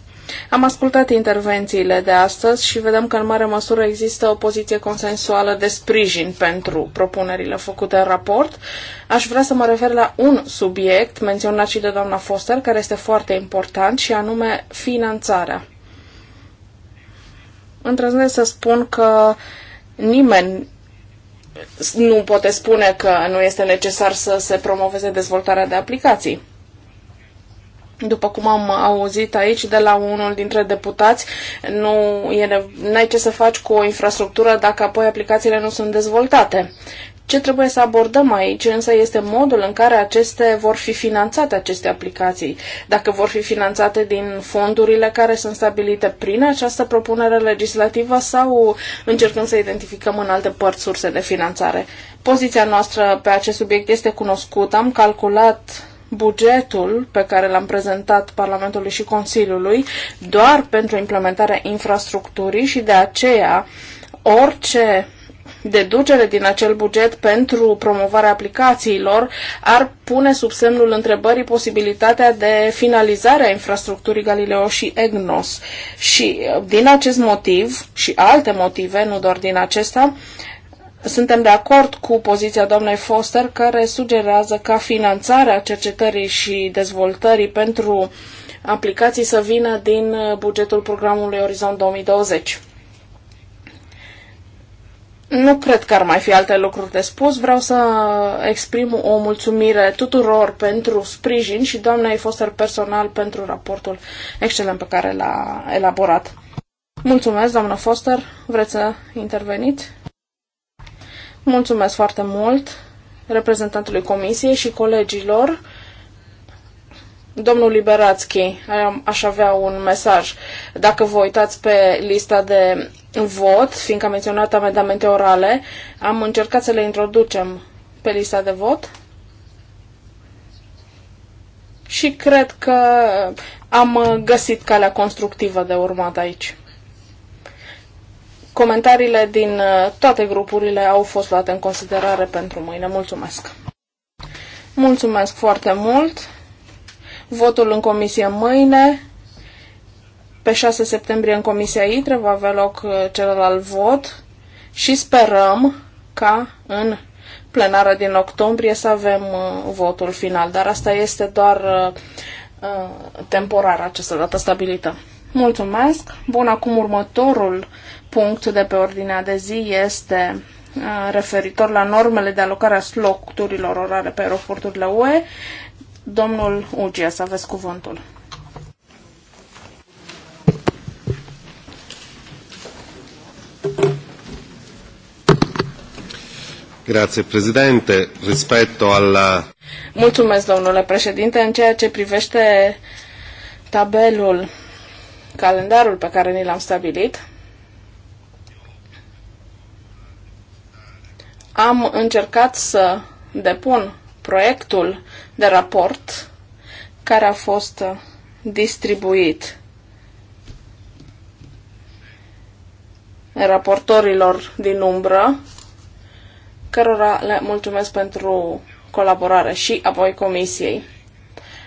Am ascultat intervențiile de astăzi și vedem că în mare măsură există o poziție consensuală de sprijin pentru propunerile făcute în raport. Aș vrea să mă refer la un subiect menționat și de doamna Foster, care este foarte important, și anume finanțarea îndrăznesc să spun că nimeni nu poate spune că nu este necesar să se promoveze dezvoltarea de aplicații. După cum am auzit aici de la unul dintre deputați, nu e, n-ai ce să faci cu o infrastructură dacă apoi aplicațiile nu sunt dezvoltate. Ce trebuie să abordăm aici însă este modul în care aceste vor fi finanțate aceste aplicații. Dacă vor fi finanțate din fondurile care sunt stabilite prin această propunere legislativă sau încercând să identificăm în alte părți surse de finanțare. Poziția noastră pe acest subiect este cunoscută. Am calculat bugetul pe care l-am prezentat Parlamentului și Consiliului doar pentru implementarea infrastructurii și de aceea orice deducere din acel buget pentru promovarea aplicațiilor ar pune sub semnul întrebării posibilitatea de finalizare a infrastructurii Galileo și EGNOS. Și uh, din acest motiv și alte motive, nu doar din acesta, suntem de acord cu poziția doamnei Foster, care sugerează ca finanțarea cercetării și dezvoltării pentru aplicații să vină din uh, bugetul programului Orizont 2020. Nu cred că ar mai fi alte lucruri de spus. Vreau să exprim o mulțumire tuturor pentru sprijin și doamnei Foster personal pentru raportul excelent pe care l-a elaborat. Mulțumesc, doamnă Foster. Vreți să interveniți? Mulțumesc foarte mult reprezentantului comisiei și colegilor. Domnul Liberațchi, aș avea un mesaj. Dacă vă uitați pe lista de în vot, fiindcă am menționat amendamente orale, am încercat să le introducem pe lista de vot și cred că am găsit calea constructivă de urmat aici. Comentariile din uh, toate grupurile au fost luate în considerare pentru mâine. Mulțumesc! Mulțumesc foarte mult! Votul în comisie mâine pe 6 septembrie în Comisia ITRE va avea loc uh, celălalt vot și sperăm ca în plenară din octombrie să avem uh, votul final. Dar asta este doar uh, temporar această dată stabilită. Mulțumesc! Bun, acum următorul punct de pe ordinea de zi este referitor la normele de alocare a sloturilor orare pe aeroporturile UE. Domnul Ugia, să aveți cuvântul. Grazie Presidente, rispetto alla... Mulțumesc, domnule președinte, în ceea ce privește tabelul, calendarul pe care ni l-am stabilit, am încercat să depun proiectul de raport care a fost distribuit raportorilor din umbră cărora le mulțumesc pentru colaborare și apoi comisiei.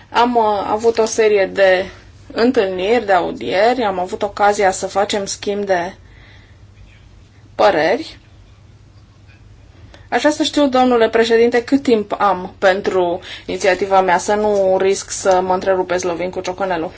Am uh, avut o serie de întâlniri, de audieri, am avut ocazia să facem schimb de păreri. Așa să știu, domnule președinte, cât timp am pentru inițiativa mea, să nu risc să mă întrerupeți Slovin cu ciocanelul.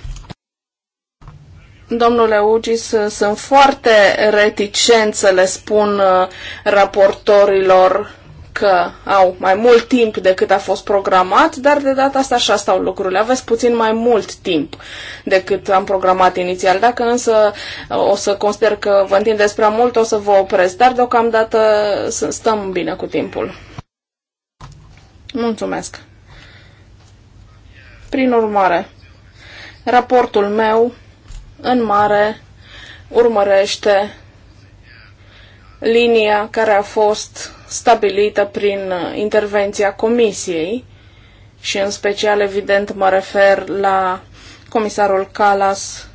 Domnule Ugis, sunt foarte reticent să le spun uh, raportorilor că au mai mult timp decât a fost programat, dar de data asta așa stau lucrurile. Aveți puțin mai mult timp decât am programat inițial. Dacă însă uh, o să consider că vă întindeți prea mult, o să vă opresc, dar deocamdată stăm bine cu timpul. Mulțumesc. Prin urmare, raportul meu în mare urmărește linia care a fost stabilită prin uh, intervenția Comisiei și în special, evident, mă refer la comisarul Calas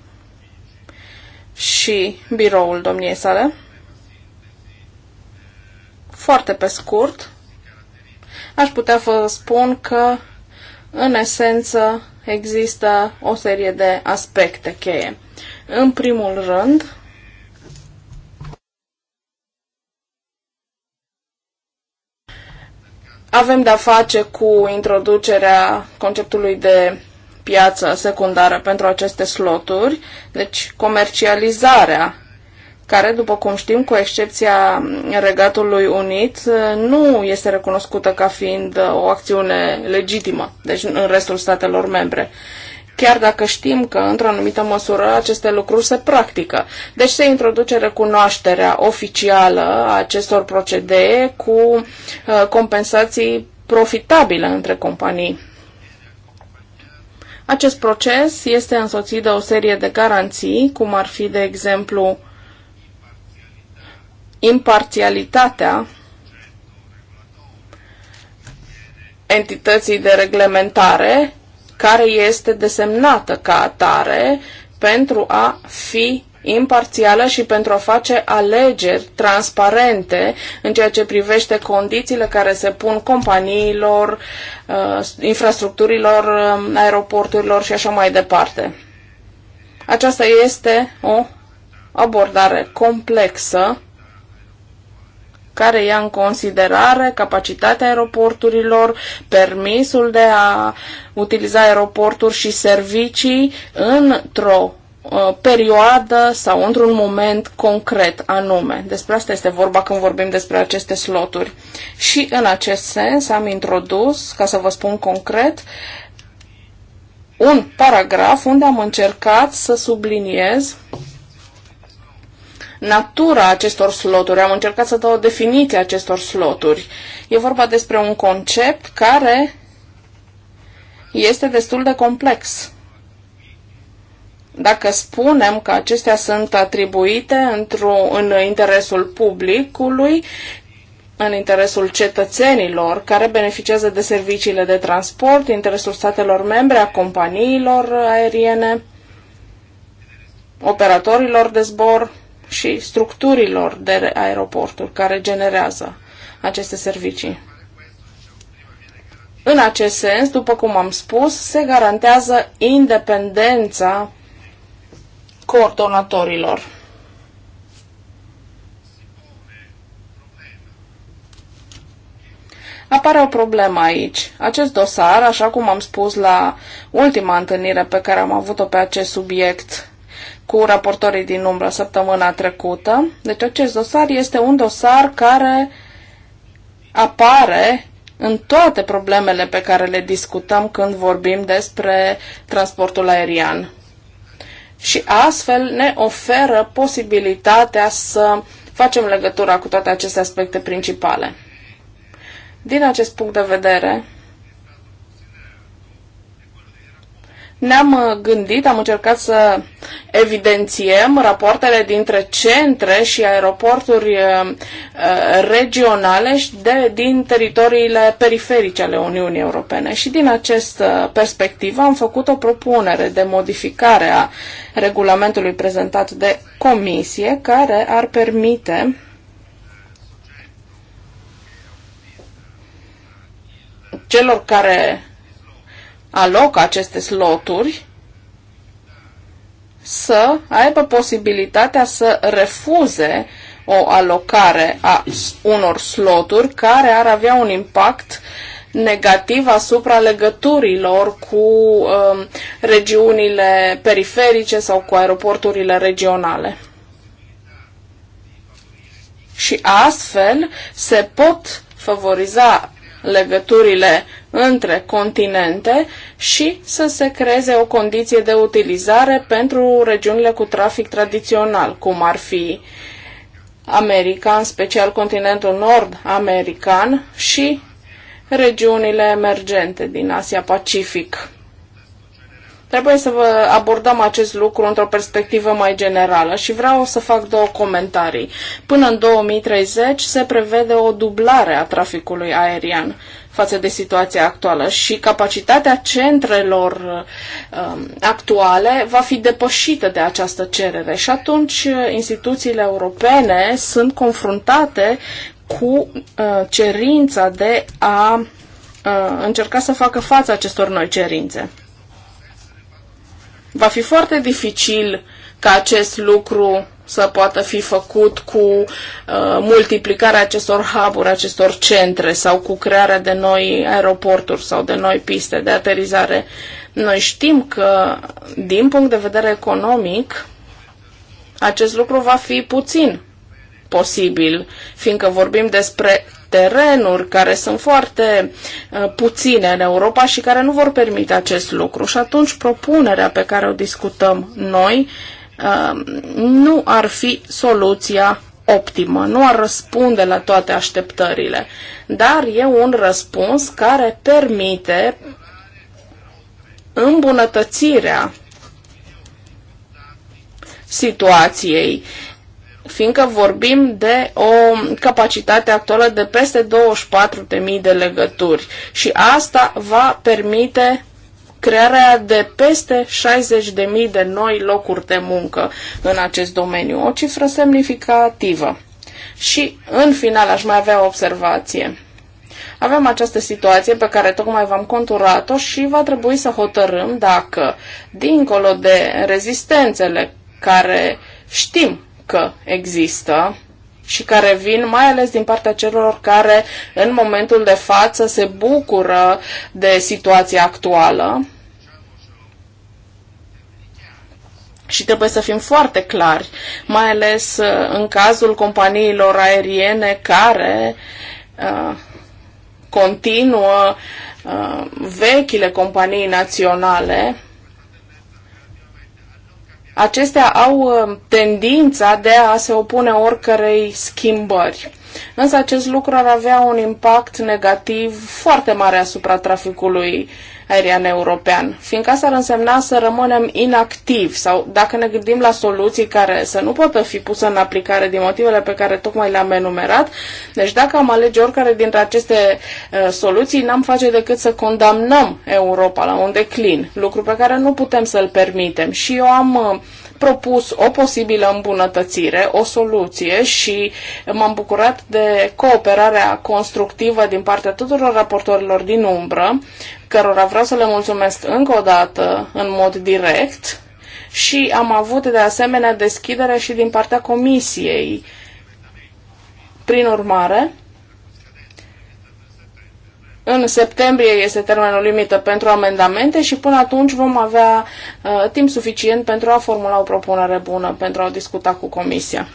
și biroul domniei sale. Foarte pe scurt, aș putea vă spun că, în esență, există o serie de aspecte cheie. În primul rând, avem de-a face cu introducerea conceptului de piață secundară pentru aceste sloturi, deci comercializarea care, după cum știm, cu excepția Regatului Unit, nu este recunoscută ca fiind o acțiune legitimă, deci în restul statelor membre chiar dacă știm că, într-o anumită măsură, aceste lucruri se practică. Deci se introduce recunoașterea oficială a acestor procedee cu uh, compensații profitabile între companii. Acest proces este însoțit de o serie de garanții, cum ar fi, de exemplu, imparțialitatea entității de reglementare, care este desemnată ca atare pentru a fi imparțială și pentru a face alegeri transparente în ceea ce privește condițiile care se pun companiilor, uh, infrastructurilor, um, aeroporturilor și așa mai departe. Aceasta este o abordare complexă care ia în considerare capacitatea aeroporturilor, permisul de a utiliza aeroporturi și servicii într-o uh, perioadă sau într-un moment concret anume. Despre asta este vorba când vorbim despre aceste sloturi. Și în acest sens am introdus, ca să vă spun concret, un paragraf unde am încercat să subliniez natura acestor sloturi. Am încercat să dau o definiție acestor sloturi. E vorba despre un concept care este destul de complex. Dacă spunem că acestea sunt atribuite într în interesul publicului, în interesul cetățenilor care beneficiază de serviciile de transport, interesul statelor membre, a companiilor aeriene, operatorilor de zbor, și structurilor de aeroporturi care generează aceste servicii. În acest sens, după cum am spus, se garantează independența coordonatorilor. Apare o problemă aici. Acest dosar, așa cum am spus la ultima întâlnire pe care am avut-o pe acest subiect cu raportorii din umbră săptămâna trecută. Deci acest dosar este un dosar care apare în toate problemele pe care le discutăm când vorbim despre transportul aerian. Și astfel ne oferă posibilitatea să facem legătura cu toate aceste aspecte principale. Din acest punct de vedere, Ne-am uh, gândit, am încercat să evidențiem rapoartele dintre centre și aeroporturi uh, uh, regionale de, din teritoriile periferice ale Uniunii Europene. Și din această perspectivă am făcut o propunere de modificare a regulamentului prezentat de comisie care ar permite celor care aloc aceste sloturi să aibă posibilitatea să refuze o alocare a unor sloturi care ar avea un impact negativ asupra legăturilor cu uh, regiunile periferice sau cu aeroporturile regionale. Și astfel se pot favoriza legăturile între continente și să se creeze o condiție de utilizare pentru regiunile cu trafic tradițional, cum ar fi America, în special continentul nord-american și regiunile emergente din Asia Pacific. Trebuie să vă abordăm acest lucru într-o perspectivă mai generală și vreau să fac două comentarii. Până în 2030 se prevede o dublare a traficului aerian față de situația actuală și capacitatea centrelor um, actuale va fi depășită de această cerere și atunci uh, instituțiile europene sunt confruntate cu uh, cerința de a uh, încerca să facă față acestor noi cerințe. Va fi foarte dificil ca acest lucru să poată fi făcut cu uh, multiplicarea acestor hub acestor centre sau cu crearea de noi aeroporturi sau de noi piste de aterizare. Noi știm că, din punct de vedere economic, acest lucru va fi puțin posibil, fiindcă vorbim despre terenuri care sunt foarte uh, puține în Europa și care nu vor permite acest lucru. Și atunci propunerea pe care o discutăm noi uh, nu ar fi soluția optimă, nu ar răspunde la toate așteptările, dar e un răspuns care permite îmbunătățirea situației uh, fiindcă vorbim de o capacitate actuală de peste 24.000 de legături și asta va permite crearea de peste 60.000 de noi locuri de muncă în acest domeniu, o cifră semnificativă. Și, în final, aș mai avea o observație. Avem această situație pe care tocmai v-am conturat-o și va trebui să hotărâm dacă, dincolo de rezistențele care știm că există și care vin mai ales din partea celor care în momentul de față se bucură de situația actuală. Și trebuie să fim foarte clari, mai ales uh, în cazul companiilor aeriene care uh, continuă uh, vechile companii naționale acestea au uh, tendința de a se opune oricărei schimbări. Însă acest lucru ar avea un impact negativ foarte mare asupra traficului aerian european, fiindcă asta ar însemna să rămânem inactivi sau dacă ne gândim la soluții care să nu poată fi pusă în aplicare din motivele pe care tocmai le-am enumerat, deci dacă am alege oricare dintre aceste uh, soluții, n-am face decât să condamnăm Europa la un declin, lucru pe care nu putem să-l permitem. Și eu am uh, propus o posibilă îmbunătățire, o soluție și m-am bucurat de cooperarea constructivă din partea tuturor raportorilor din umbră, cărora vreau să le mulțumesc încă o dată în mod direct și am avut de asemenea deschidere și din partea comisiei. Prin urmare, în septembrie este termenul limită pentru amendamente și până atunci vom avea uh, timp suficient pentru a formula o propunere bună, pentru a discuta cu Comisia.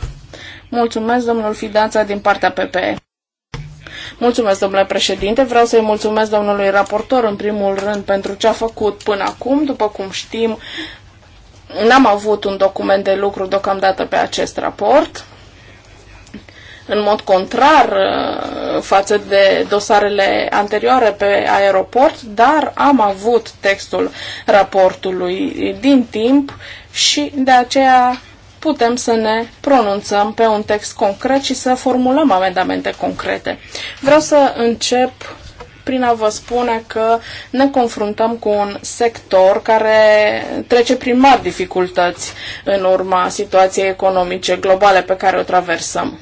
Mulțumesc, domnul Fidanța, din partea PPE. Mulțumesc, domnule președinte. Vreau să-i mulțumesc domnului raportor, în primul rând, pentru ce a făcut până acum. După cum știm, n-am avut un document de lucru deocamdată pe acest raport în mod contrar uh, față de dosarele anterioare pe aeroport, dar am avut textul raportului din timp și de aceea putem să ne pronunțăm pe un text concret și să formulăm amendamente concrete. Vreau să încep prin a vă spune că ne confruntăm cu un sector care trece prin mari dificultăți în urma situației economice globale pe care o traversăm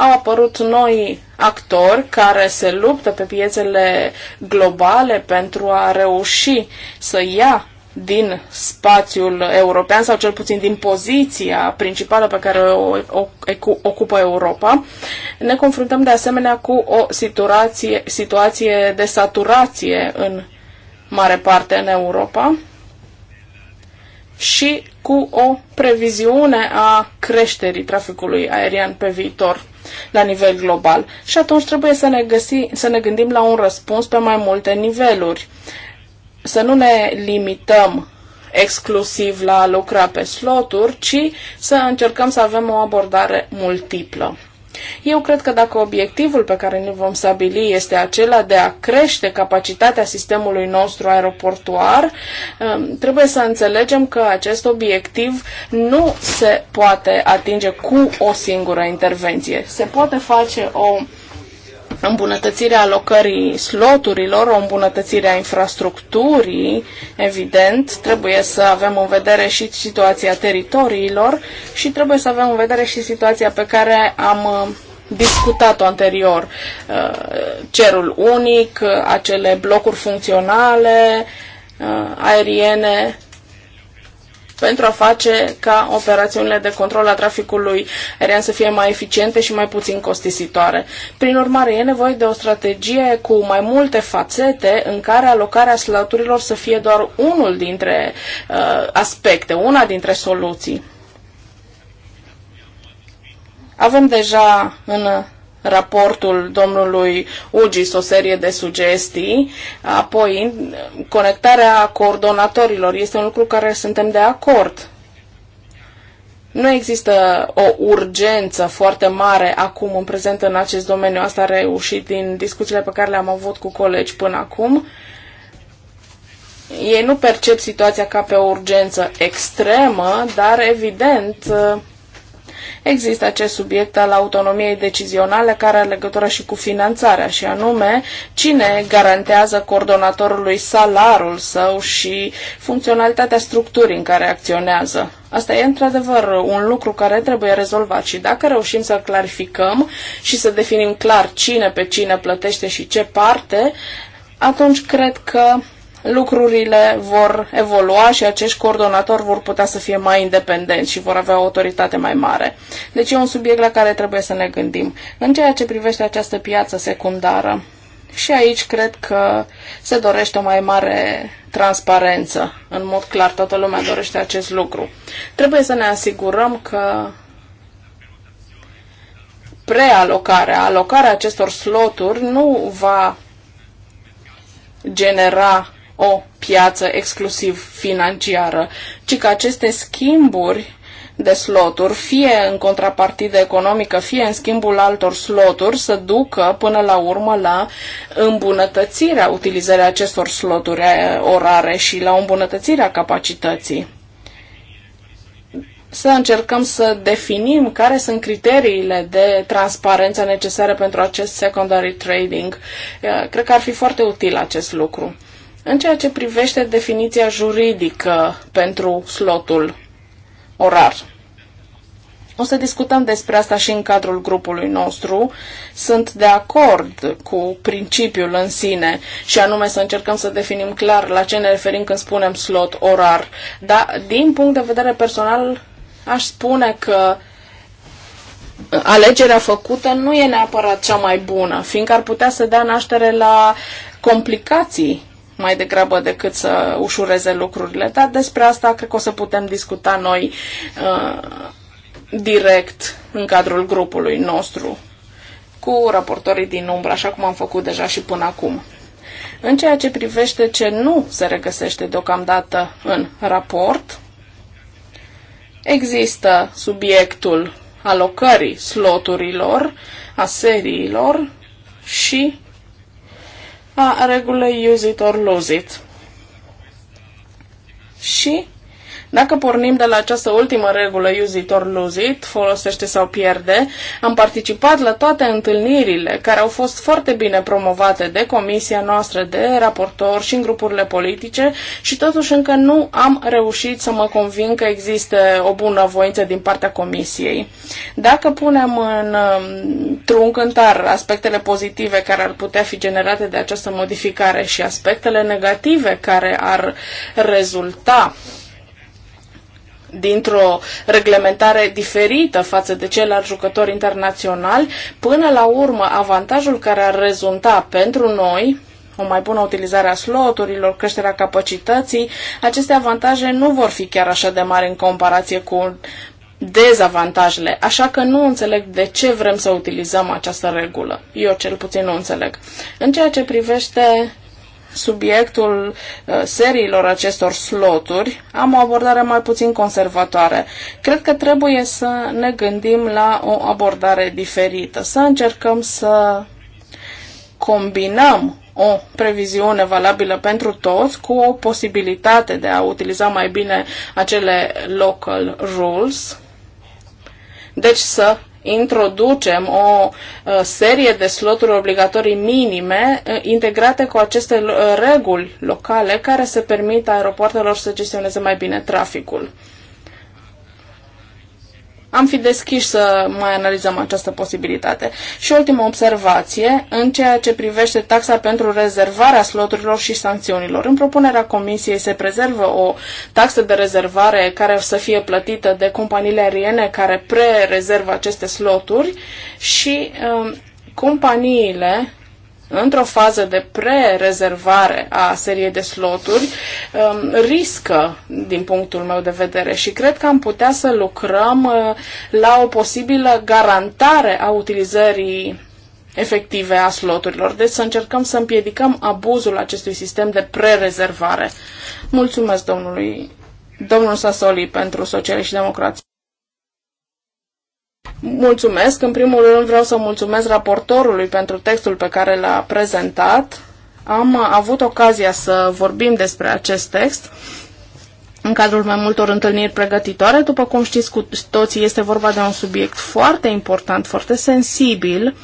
au apărut noi actori care se luptă pe piețele globale pentru a reuși să ia din spațiul european sau cel puțin din poziția principală pe care o ocupă Europa. Ne confruntăm de asemenea cu o situație, situație de saturație în mare parte în Europa și cu o previziune a creșterii traficului aerian pe viitor la nivel global. Și atunci trebuie să ne, găsi, să ne gândim la un răspuns pe mai multe niveluri. Să nu ne limităm exclusiv la lucra pe sloturi, ci să încercăm să avem o abordare multiplă. Eu cred că dacă obiectivul pe care ne vom stabili este acela de a crește capacitatea sistemului nostru aeroportuar, um, trebuie să înțelegem că acest obiectiv nu se poate atinge cu o singură intervenție. Se poate face o îmbunătățirea alocării sloturilor, o îmbunătățire a infrastructurii, evident, trebuie să avem în vedere și situația teritoriilor și trebuie să avem în vedere și situația pe care am uh, discutat-o anterior, uh, cerul unic, uh, acele blocuri funcționale, aeriene, pentru a face ca operațiunile de control a traficului aerian să fie mai eficiente și mai puțin costisitoare. Prin urmare, e nevoie de o strategie cu mai multe fațete în care alocarea slăturilor să fie doar unul dintre uh, aspecte, una dintre soluții. Avem deja în raportul domnului Ugis o serie de sugestii, apoi conectarea coordonatorilor este un lucru care suntem de acord. Nu există o urgență foarte mare acum, în prezent, în acest domeniu. Asta a reușit din discuțiile pe care le-am avut cu colegi până acum. Ei nu percep situația ca pe o urgență extremă, dar evident Există acest subiect al autonomiei decizionale care are legătură și cu finanțarea și anume cine garantează coordonatorului salarul său și funcționalitatea structurii în care acționează. Asta e într-adevăr un lucru care trebuie rezolvat și dacă reușim să clarificăm și să definim clar cine pe cine plătește și ce parte, atunci cred că lucrurile vor evolua și acești coordonatori vor putea să fie mai independenți și vor avea o autoritate mai mare. Deci e un subiect la care trebuie să ne gândim. În ceea ce privește această piață secundară, și aici cred că se dorește o mai mare transparență. În mod clar, toată lumea dorește acest lucru. Trebuie să ne asigurăm că prealocarea, alocarea acestor sloturi nu va genera o piață exclusiv financiară, ci că aceste schimburi de sloturi, fie în contrapartidă economică, fie în schimbul altor sloturi, să ducă până la urmă la îmbunătățirea utilizării acestor sloturi eh, orare și la îmbunătățirea capacității. Să încercăm să definim care sunt criteriile de transparență necesare pentru acest secondary trading. Eh, cred că ar fi foarte util acest lucru. În ceea ce privește definiția juridică pentru slotul orar, o să discutăm despre asta și în cadrul grupului nostru. Sunt de acord cu principiul în sine și anume să încercăm să definim clar la ce ne referim când spunem slot orar. Dar din punct de vedere personal aș spune că alegerea făcută nu e neapărat cea mai bună, fiindcă ar putea să dea naștere la complicații mai degrabă decât să ușureze lucrurile. Dar despre asta cred că o să putem discuta noi uh, direct în cadrul grupului nostru cu raportorii din umbră, așa cum am făcut deja și până acum. În ceea ce privește ce nu se regăsește deocamdată în raport, există subiectul alocării sloturilor, a seriilor și a regulei use it or lose it. Și dacă pornim de la această ultimă regulă, use it or lose it, folosește sau pierde, am participat la toate întâlnirile care au fost foarte bine promovate de comisia noastră, de raportori și în grupurile politice și totuși încă nu am reușit să mă convin că există o bună voință din partea comisiei. Dacă punem în um, trunc întar aspectele pozitive care ar putea fi generate de această modificare și aspectele negative care ar rezulta dintr-o reglementare diferită față de ceilalți jucători internaționali, până la urmă avantajul care ar rezulta pentru noi o mai bună utilizare a sloturilor, creșterea capacității, aceste avantaje nu vor fi chiar așa de mari în comparație cu dezavantajele, așa că nu înțeleg de ce vrem să utilizăm această regulă. Eu cel puțin nu înțeleg. În ceea ce privește subiectul uh, seriilor acestor sloturi, am o abordare mai puțin conservatoare. Cred că trebuie să ne gândim la o abordare diferită, să încercăm să combinăm o previziune valabilă pentru toți cu o posibilitate de a utiliza mai bine acele local rules, deci să introducem o uh, serie de sloturi obligatorii minime uh, integrate cu aceste uh, reguli locale care să permită aeroportelor să gestioneze mai bine traficul am fi deschiși să mai analizăm această posibilitate. Și ultima observație, în ceea ce privește taxa pentru rezervarea sloturilor și sancțiunilor. În propunerea comisiei se prezervă o taxă de rezervare care să fie plătită de companiile aeriene care pre-rezervă aceste sloturi și um, companiile într-o fază de pre-rezervare a seriei de sloturi um, riscă din punctul meu de vedere și cred că am putea să lucrăm uh, la o posibilă garantare a utilizării efective a sloturilor. Deci să încercăm să împiedicăm abuzul acestui sistem de prerezervare. Mulțumesc domnului domnul Sasoli pentru Socialiști și Democrație. Mulțumesc. În primul rând vreau să mulțumesc raportorului pentru textul pe care l-a prezentat. Am avut ocazia să vorbim despre acest text în cadrul mai multor întâlniri pregătitoare. După cum știți cu toții, este vorba de un subiect foarte important, foarte sensibil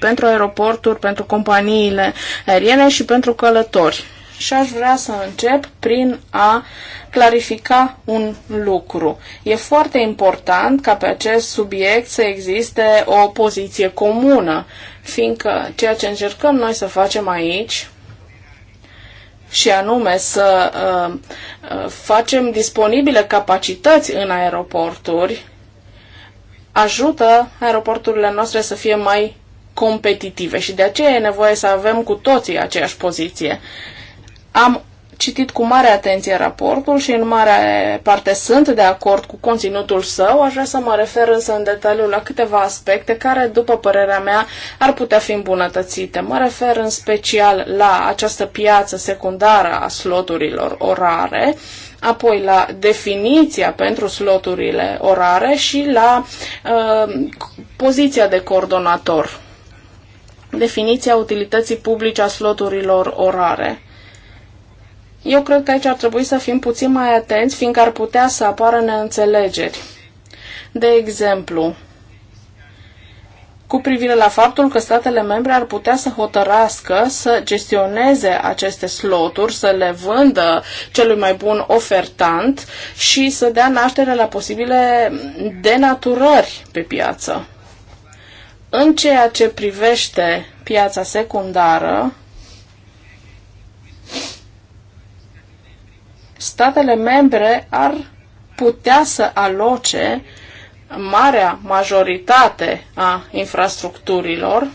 pentru aeroporturi, pentru companiile aeriene și pentru călători și aș vrea să încep prin a clarifica un lucru. E foarte important ca pe acest subiect să existe o poziție comună, fiindcă ceea ce încercăm noi să facem aici și anume să uh, uh facem disponibile capacități în aeroporturi, ajută aeroporturile noastre să fie mai competitive și de aceea e nevoie să avem cu toții aceeași poziție. Am citit cu mare atenție raportul și în mare parte sunt de acord cu conținutul său. Aș vrea să mă refer însă în detaliu la câteva aspecte care, după părerea mea, ar putea fi îmbunătățite. Mă refer în special la această piață secundară a sloturilor orare, apoi la definiția pentru sloturile orare și la uh, poziția de coordonator. Definiția utilității publice a sloturilor orare eu cred că aici ar trebui să fim puțin mai atenți, fiindcă ar putea să apară neînțelegeri. De exemplu, cu privire la faptul că statele membre ar putea să hotărască să gestioneze aceste sloturi, să le vândă celui mai bun ofertant și să dea naștere la posibile denaturări pe piață. În ceea ce privește piața secundară, statele membre ar putea să aloce marea majoritate a infrastructurilor.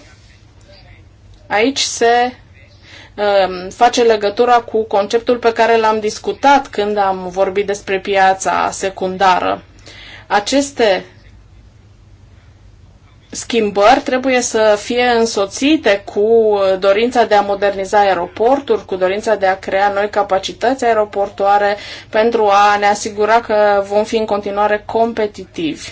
Aici se um, face legătura cu conceptul pe care l-am discutat când am vorbit despre piața secundară. Aceste schimbări trebuie să fie însoțite cu dorința de a moderniza aeroporturi, cu dorința de a crea noi capacități aeroportoare pentru a ne asigura că vom fi în continuare competitivi.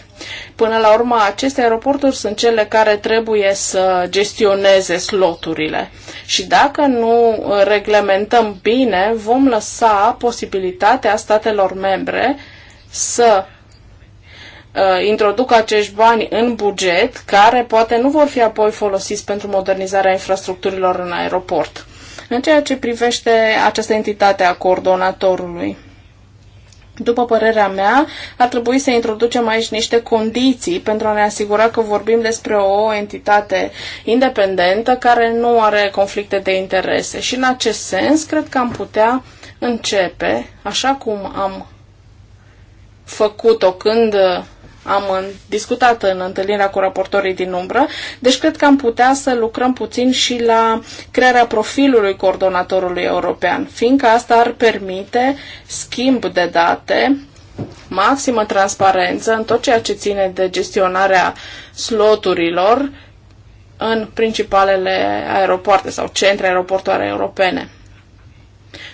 Până la urmă, aceste aeroporturi sunt cele care trebuie să gestioneze sloturile. Și dacă nu reglementăm bine, vom lăsa posibilitatea statelor membre să Uh, introduc acești bani în buget, care poate nu vor fi apoi folosiți pentru modernizarea infrastructurilor în aeroport. În ceea ce privește această entitate a coordonatorului, după părerea mea, ar trebui să introducem aici niște condiții pentru a ne asigura că vorbim despre o entitate independentă care nu are conflicte de interese. Și în acest sens, cred că am putea începe, așa cum am făcut-o când am discutat în întâlnirea cu raportorii din umbră, deci cred că am putea să lucrăm puțin și la crearea profilului coordonatorului european, fiindcă asta ar permite schimb de date, maximă transparență în tot ceea ce ține de gestionarea sloturilor în principalele aeropoarte sau centre aeroportoare europene.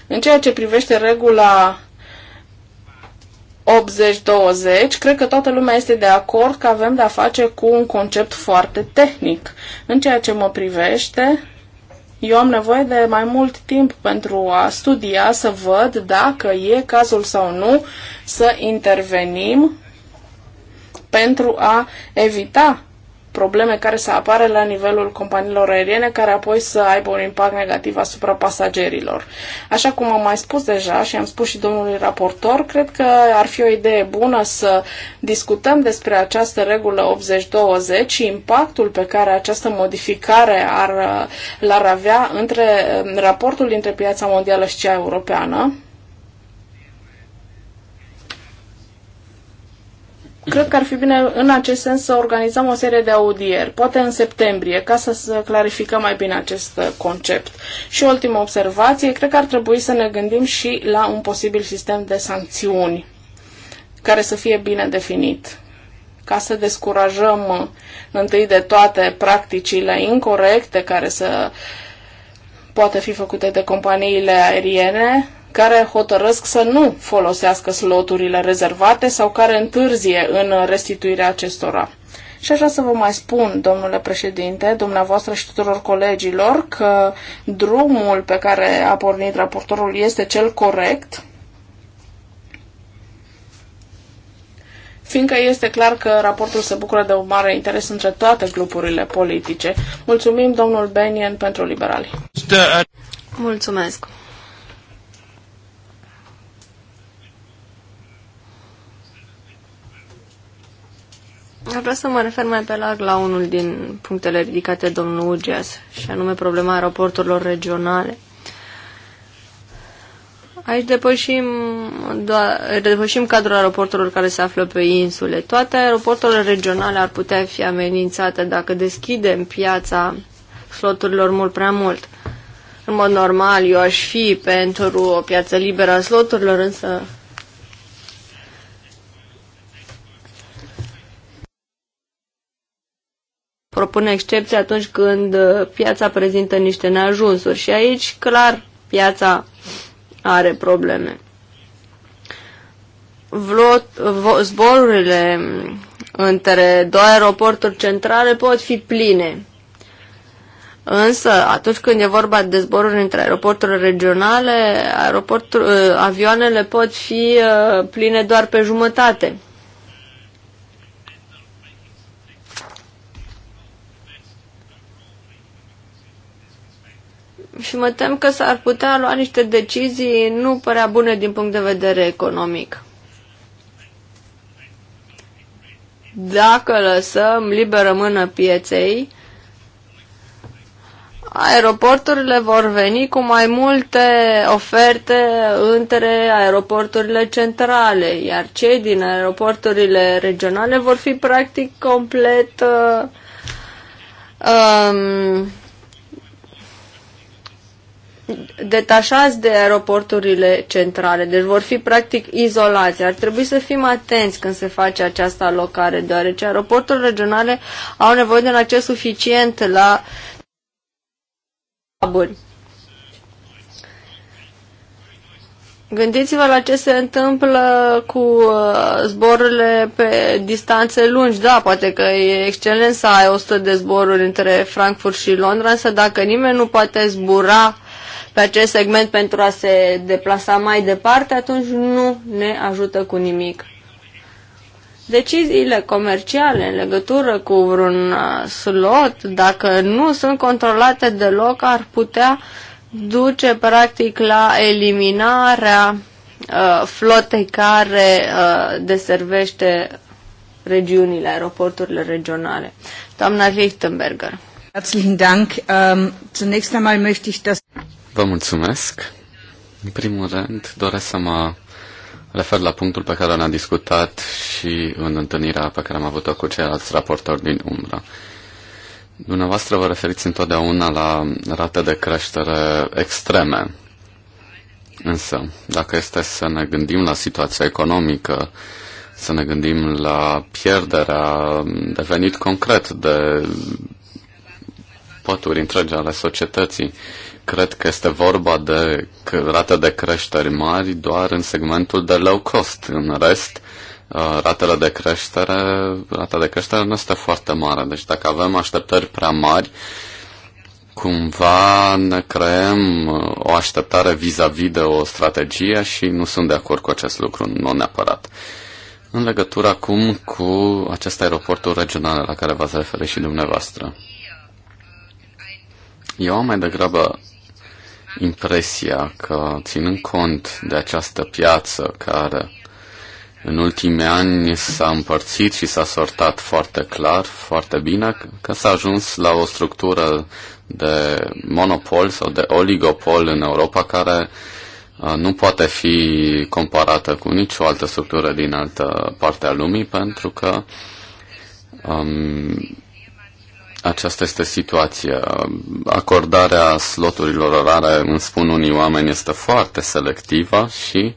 În ceea ce privește regula 80-20, cred că toată lumea este de acord că avem de-a face cu un concept foarte tehnic. În ceea ce mă privește, eu am nevoie de mai mult timp pentru a studia, să văd dacă e cazul sau nu să intervenim pentru a evita probleme care să apare la nivelul companiilor aeriene, care apoi să aibă un impact negativ asupra pasagerilor. Așa cum am mai spus deja și am spus și domnului raportor, cred că ar fi o idee bună să discutăm despre această regulă 80-20 și impactul pe care această modificare ar, l-ar avea între raportul dintre piața mondială și cea europeană Cred că ar fi bine în acest sens să organizăm o serie de audieri, poate în septembrie, ca să, să clarificăm mai bine acest uh, concept. Și ultima observație, cred că ar trebui să ne gândim și la un posibil sistem de sancțiuni care să fie bine definit ca să descurajăm uh, întâi de toate practicile incorrecte care să poate fi făcute de companiile aeriene, care hotărăsc să nu folosească sloturile rezervate sau care întârzie în restituirea acestora. Și așa să vă mai spun, domnule președinte, dumneavoastră și tuturor colegilor, că drumul pe care a pornit raportorul este cel corect, fiindcă este clar că raportul se bucură de un mare interes între toate grupurile politice. Mulțumim, domnul Benien, pentru liberali. Mulțumesc. Aș vrea să mă refer mai pe lag la unul din punctele ridicate domnul Ugeas, și anume problema aeroporturilor regionale. Aici depășim, doar, depășim cadrul aeroporturilor care se află pe insule. Toate aeroporturile regionale ar putea fi amenințate dacă deschidem piața sloturilor mult prea mult. În mod normal, eu aș fi pentru o piață liberă a sloturilor, însă propune excepții atunci când uh, piața prezintă niște neajunsuri și aici, clar, piața are probleme. Vlot, vo, zborurile între două aeroporturi centrale pot fi pline. Însă, atunci când e vorba de zboruri între aeroporturi regionale, aeroportul, uh, avioanele pot fi uh, pline doar pe jumătate. și mă tem că s-ar putea lua niște decizii nu părea bune din punct de vedere economic. Dacă lăsăm liberă mână pieței, aeroporturile vor veni cu mai multe oferte între aeroporturile centrale, iar cei din aeroporturile regionale vor fi practic complet uh, um, detașați de aeroporturile centrale, deci vor fi practic izolați. Ar trebui să fim atenți când se face această alocare, deoarece aeroporturile regionale au nevoie de un acces suficient la aburi. Gândiți-vă la ce se întâmplă cu uh, zborurile pe distanțe lungi. Da, poate că e excelent să ai 100 de zboruri între Frankfurt și Londra, însă dacă nimeni nu poate zbura pe acest segment pentru a se deplasa mai departe, atunci nu ne ajută cu nimic. Deciziile comerciale în legătură cu vreun uh, slot, dacă nu sunt controlate deloc, ar putea duce practic la eliminarea uh, flotei care uh, deservește regiunile, aeroporturile regionale. Doamna Lichtenberger. Herzlichen Dank. Um, zunächst einmal möchte ich das Vă mulțumesc. În primul rând, doresc să mă refer la punctul pe care l-am discutat și în întâlnirea pe care am avut-o cu ceilalți raportori din umbră. Dumneavoastră vă referiți întotdeauna la rate de creștere extreme. Însă, dacă este să ne gândim la situația economică, să ne gândim la pierderea de venit concret de pături întregi ale societății, uh, cred că este vorba de rate de creșteri mari doar în segmentul de low cost. În rest, uh, ratele de creștere, rata de creștere nu este foarte mare. Deci dacă avem așteptări prea mari, cumva ne creăm uh, o așteptare vis-a-vis -vis de o strategie și nu sunt de acord cu acest lucru, nu neapărat. În legătură acum cu acest aeroporturi regional la care v-ați referit și dumneavoastră. Eu am mai degrabă impresia că, ținând cont de această piață care în ultimii ani s-a împărțit și s-a sortat foarte clar, foarte bine, că s-a ajuns la o structură de monopol sau de oligopol în Europa care uh, nu poate fi comparată cu nicio altă structură din altă parte a lumii pentru că um, aceasta este situația. Acordarea sloturilor orare, îmi spun unii oameni, este foarte selectivă și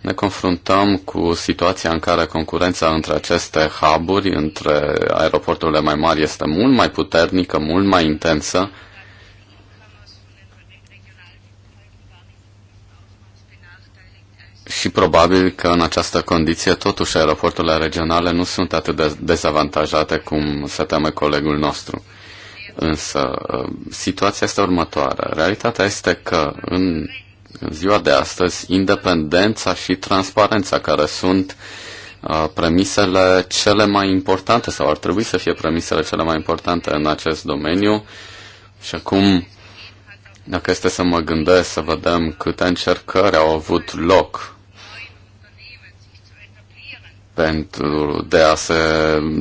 ne confruntăm cu situația în care concurența între aceste hub între aeroporturile mai mari, este mult mai puternică, mult mai intensă și probabil că în această condiție totuși aeroporturile regionale nu sunt atât de dezavantajate cum se teme colegul nostru. Însă ă, situația este următoare. Realitatea este că în ziua de astăzi independența și transparența care sunt ă, premisele cele mai importante sau ar trebui să fie premisele cele mai importante în acest domeniu și acum dacă este să mă gândesc să vedem câte încercări au avut loc pentru de a se,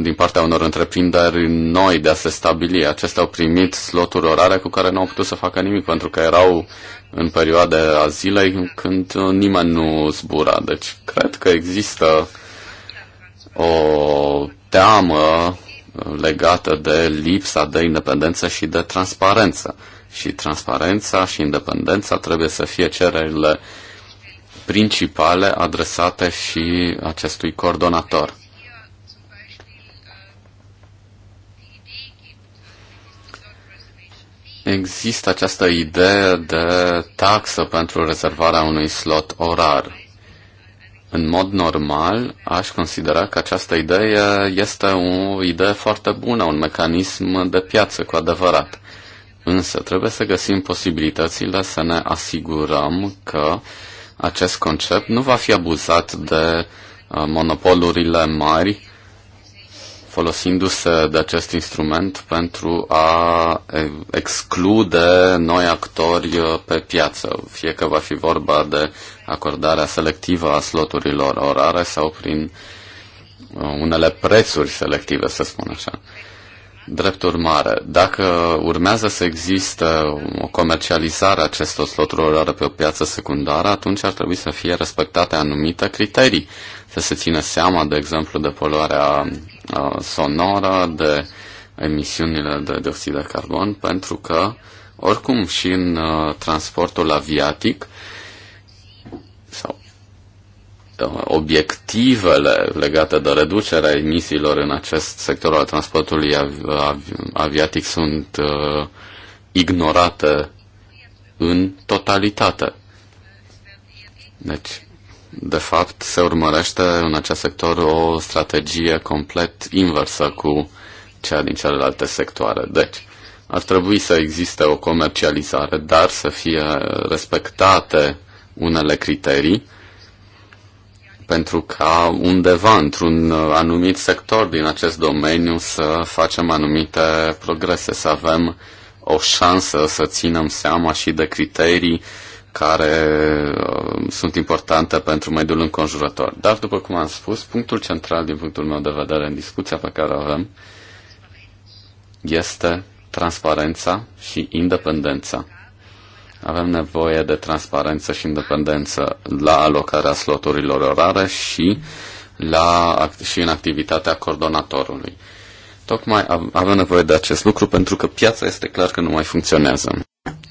din partea unor întreprinderi noi de a se stabili. Acestea au primit sloturi orare cu care nu au putut să facă nimic, pentru că erau în perioade a zilei când nimeni nu zbura. Deci cred că există o teamă legată de lipsa de independență și de transparență. Și transparența și independența trebuie să fie cererile uh, principale adresate și acestui coordonator. Există această idee de taxă pentru rezervarea unui slot orar. În mod normal, aș considera că această idee este o idee foarte bună, un mecanism de piață cu adevărat. Însă trebuie să găsim posibilitățile să ne asigurăm că uh, acest concept nu va fi abuzat de uh, monopolurile mari folosindu-se de acest instrument pentru a exclude noi actori uh, pe piață, fie că va fi vorba de acordarea selectivă a sloturilor orare sau prin uh, unele prețuri selective, să spun așa. Drept urmare, dacă urmează să există o comercializare a acestor sloturi orare pe o piață secundară, atunci ar trebui să fie respectate anumite criterii. Să se țină seama, de exemplu, de poluarea uh, sonoră, de emisiunile de dioxid de carbon, pentru că, oricum, și în uh, transportul aviatic sau obiectivele legate de reducerea emisiilor în acest sector al transportului aviatic sunt uh, ignorate în totalitate. Deci, de fapt, se urmărește în acest sector o strategie complet inversă cu cea din celelalte sectoare. Deci, ar trebui să existe o comercializare, dar să fie respectate unele criterii pentru ca undeva într-un uh, anumit sector din acest domeniu să facem anumite progrese, să avem o șansă să ținem seama și de criterii care uh, sunt importante pentru mediul înconjurător. Dar, după cum am spus, punctul central din punctul meu de vedere în discuția pe care o avem este transparența și independența. Avem nevoie de transparență și independență la alocarea sloturilor orare și, la, și în activitatea coordonatorului. Tocmai avem nevoie de acest lucru pentru că piața este clar că nu mai funcționează.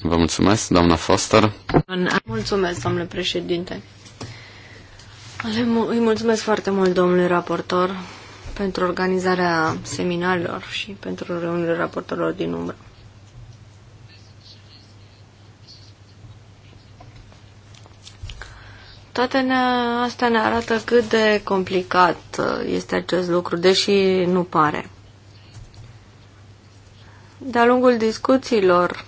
Vă mulțumesc, doamna Foster. Mulțumesc, domnule președinte. Îi mulțumesc foarte mult, domnule raportor, pentru organizarea seminarilor și pentru reuniile raportorilor din umbră. Toate ne, astea ne arată cât de complicat uh, este acest lucru, deși nu pare. De-a lungul discuțiilor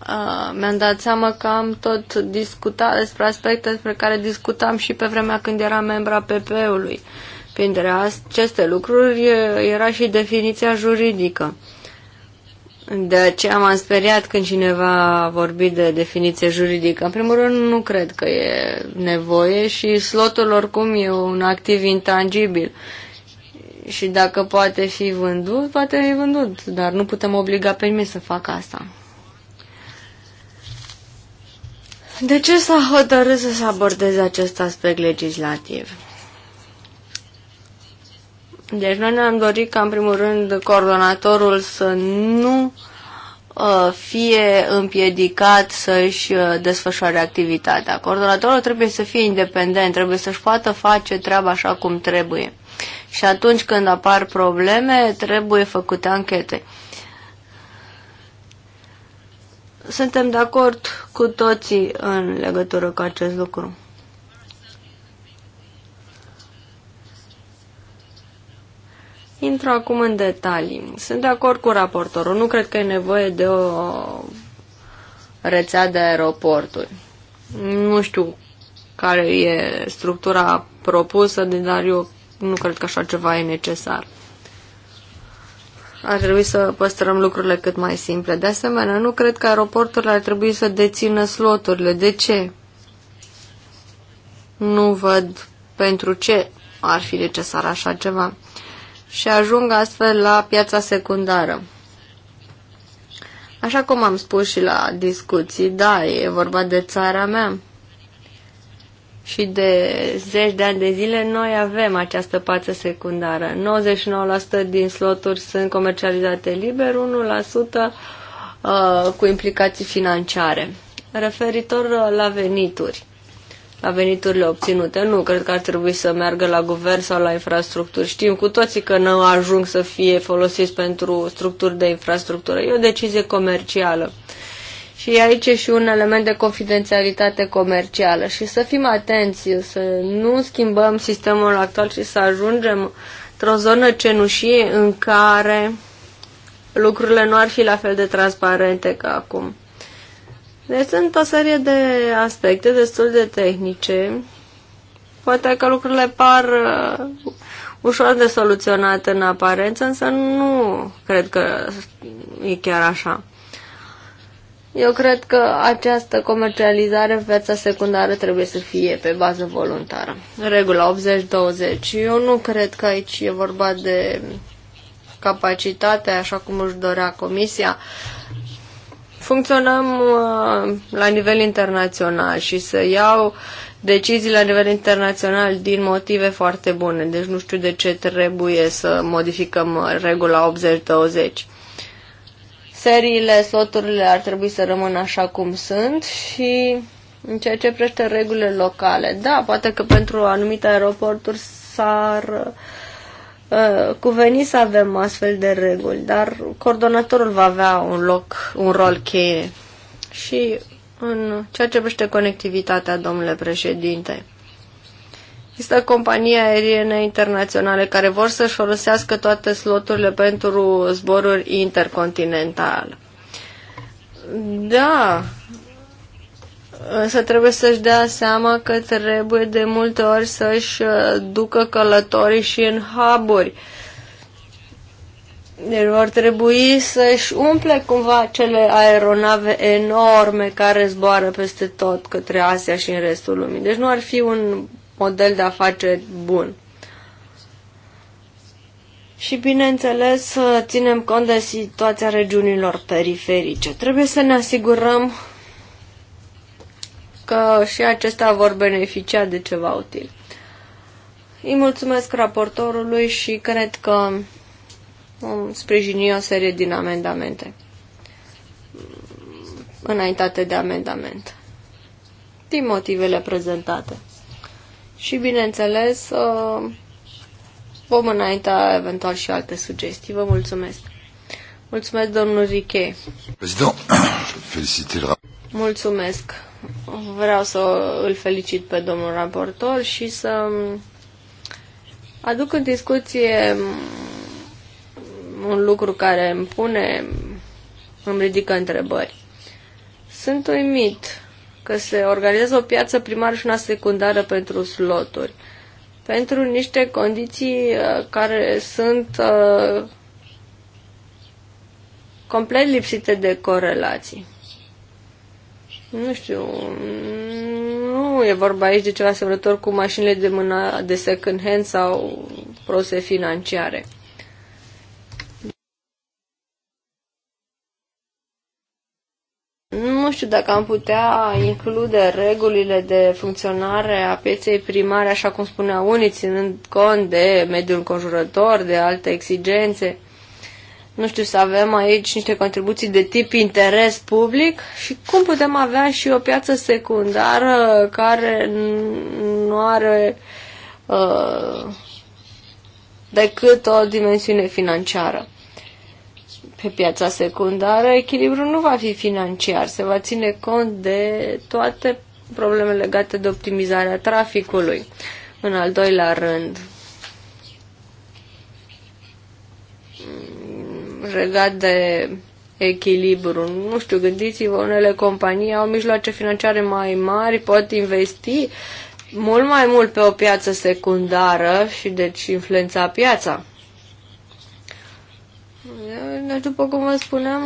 uh, mi-am dat seama că am tot discutat despre aspecte despre care discutam și pe vremea când eram membra PP-ului. Printre aceste lucruri uh, era și definiția juridică. De aceea m-am speriat când cineva a vorbit de definiție juridică. În primul rând, nu cred că e nevoie și slotul oricum e un activ intangibil. Și dacă poate fi vândut, poate fi vândut, dar nu putem obliga pe nimeni să facă asta. De ce s-a hotărât să se abordeze acest aspect legislativ? Deci noi ne-am dorit ca, în primul rând, coordonatorul să nu uh, fie împiedicat să-și uh, desfășoare activitatea. Coordonatorul trebuie să fie independent, trebuie să-și poată face treaba așa cum trebuie. Și atunci când apar probleme, trebuie făcute anchete. Suntem de acord cu toții în legătură cu acest lucru. intru acum în detalii. Sunt de acord cu raportorul. Nu cred că e nevoie de o rețea de aeroporturi. Nu știu care e structura propusă, dar eu nu cred că așa ceva e necesar. Ar trebui să păstrăm lucrurile cât mai simple. De asemenea, nu cred că aeroporturile ar trebui să dețină sloturile. De ce? Nu văd pentru ce ar fi necesar așa ceva și ajung astfel la piața secundară. Așa cum am spus și la discuții, da, e vorba de țara mea. Și de zeci de ani de zile noi avem această piață secundară. 99% din sloturi sunt comercializate liber, 1% uh, cu implicații financiare. Referitor uh, la venituri la veniturile obținute. Nu, cred că ar trebui să meargă la guvern sau la infrastructuri. Știm cu toții că nu ajung să fie folosiți pentru structuri de infrastructură. E o decizie comercială. Și aici e și un element de confidențialitate comercială. Și să fim atenți, să nu schimbăm sistemul actual și să ajungem într-o zonă cenușie în care lucrurile nu ar fi la fel de transparente ca acum. Deci sunt o serie de aspecte destul de tehnice. Poate că lucrurile par uh, ușor de soluționate în aparență, însă nu cred că e chiar așa. Eu cred că această comercializare în viața secundară trebuie să fie pe bază voluntară. Regula 80-20. Eu nu cred că aici e vorba de capacitate, așa cum își dorea comisia. Uh, funcționăm uh, la nivel internațional și să iau decizii la nivel internațional din motive foarte bune. Deci nu știu de ce trebuie să modificăm uh, regula 80-20. Seriile, sloturile ar trebui să rămână așa cum sunt și în ceea ce prește regulile locale. Da, poate că pentru anumite aeroporturi s-ar uh, Uh, cu cuveni să avem astfel de reguli, dar coordonatorul va avea un loc, un rol cheie. Și în ceea ce privește conectivitatea, domnule președinte, Există companii aeriene internaționale care vor să-și folosească toate sloturile pentru zboruri intercontinentale. Da, Însă trebuie să-și dea seama că trebuie de multe ori să-și uh, ducă călătorii și în huburi. Deci vor trebui să-și umple cumva cele aeronave enorme care zboară peste tot către Asia și în restul lumii. Deci nu ar fi un model de afaceri bun. Și bineînțeles, ținem cont de situația regiunilor periferice. Trebuie să ne asigurăm că și acestea vor beneficia de ceva util. Îi mulțumesc raportorului și cred că vom sprijini o serie din amendamente înaintate de amendament din motivele prezentate. Și, bineînțeles, ă, vom înainta eventual și alte sugestii. Vă mulțumesc. Mulțumesc, domnul Riche. *coughs* Mulțumesc. Vreau să îl felicit pe domnul raportor și să aduc în discuție un lucru care îmi pune, îmi ridică întrebări. Sunt uimit că se organizează o piață primară și una secundară pentru sloturi, pentru niște condiții uh, care sunt uh, complet lipsite de corelații. Nu știu, nu e vorba aici de ceva asemănător cu mașinile de mână de second hand sau prose financiare. Nu știu dacă am putea include regulile de funcționare a pieței primare, așa cum spunea unii, ținând cont de mediul înconjurător, de alte exigențe nu știu, să avem aici niște contribuții de tip interes public și cum putem avea și o piață secundară care nu are uh, decât o dimensiune financiară. Pe piața secundară, echilibrul nu va fi financiar, se va ține cont de toate problemele legate de optimizarea traficului. În al doilea rând, legat de echilibru. Nu știu, gândiți-vă, unele companii au mijloace financiare mai mari, pot investi mult mai mult pe o piață secundară și deci influența piața. Deci, după cum vă spuneam,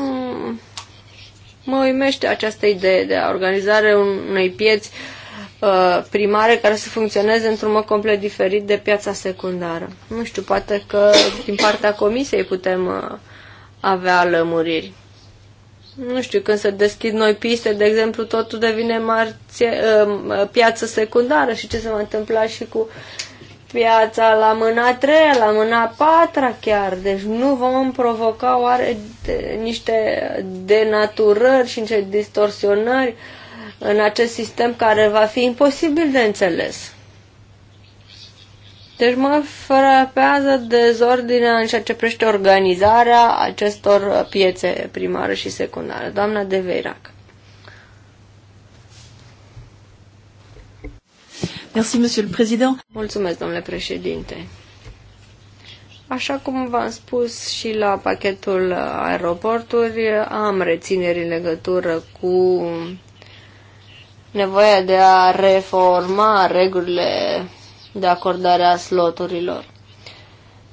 mă uimește această idee de a organizare unei pieți uh, primare care să funcționeze într-un mod complet diferit de piața secundară. Nu știu, poate că din partea comisiei putem uh, avea lămuriri. Nu știu, când se deschid noi piste, de exemplu, totul devine marție, uh, piață secundară și ce se va întâmpla și cu piața la mâna 3, la mâna 4 chiar. Deci nu vom provoca oare de, niște denaturări și niște distorsionări în acest sistem care va fi imposibil de înțeles. Deci mă frapează dezordinea în ceea ce prește organizarea acestor piețe primară și secundară. Doamna de Veirac. Merci, Monsieur le Président. Mulțumesc, domnule președinte. Așa cum v-am spus și la pachetul aeroporturi, am rețineri în legătură cu nevoia de a reforma regulile de acordarea sloturilor.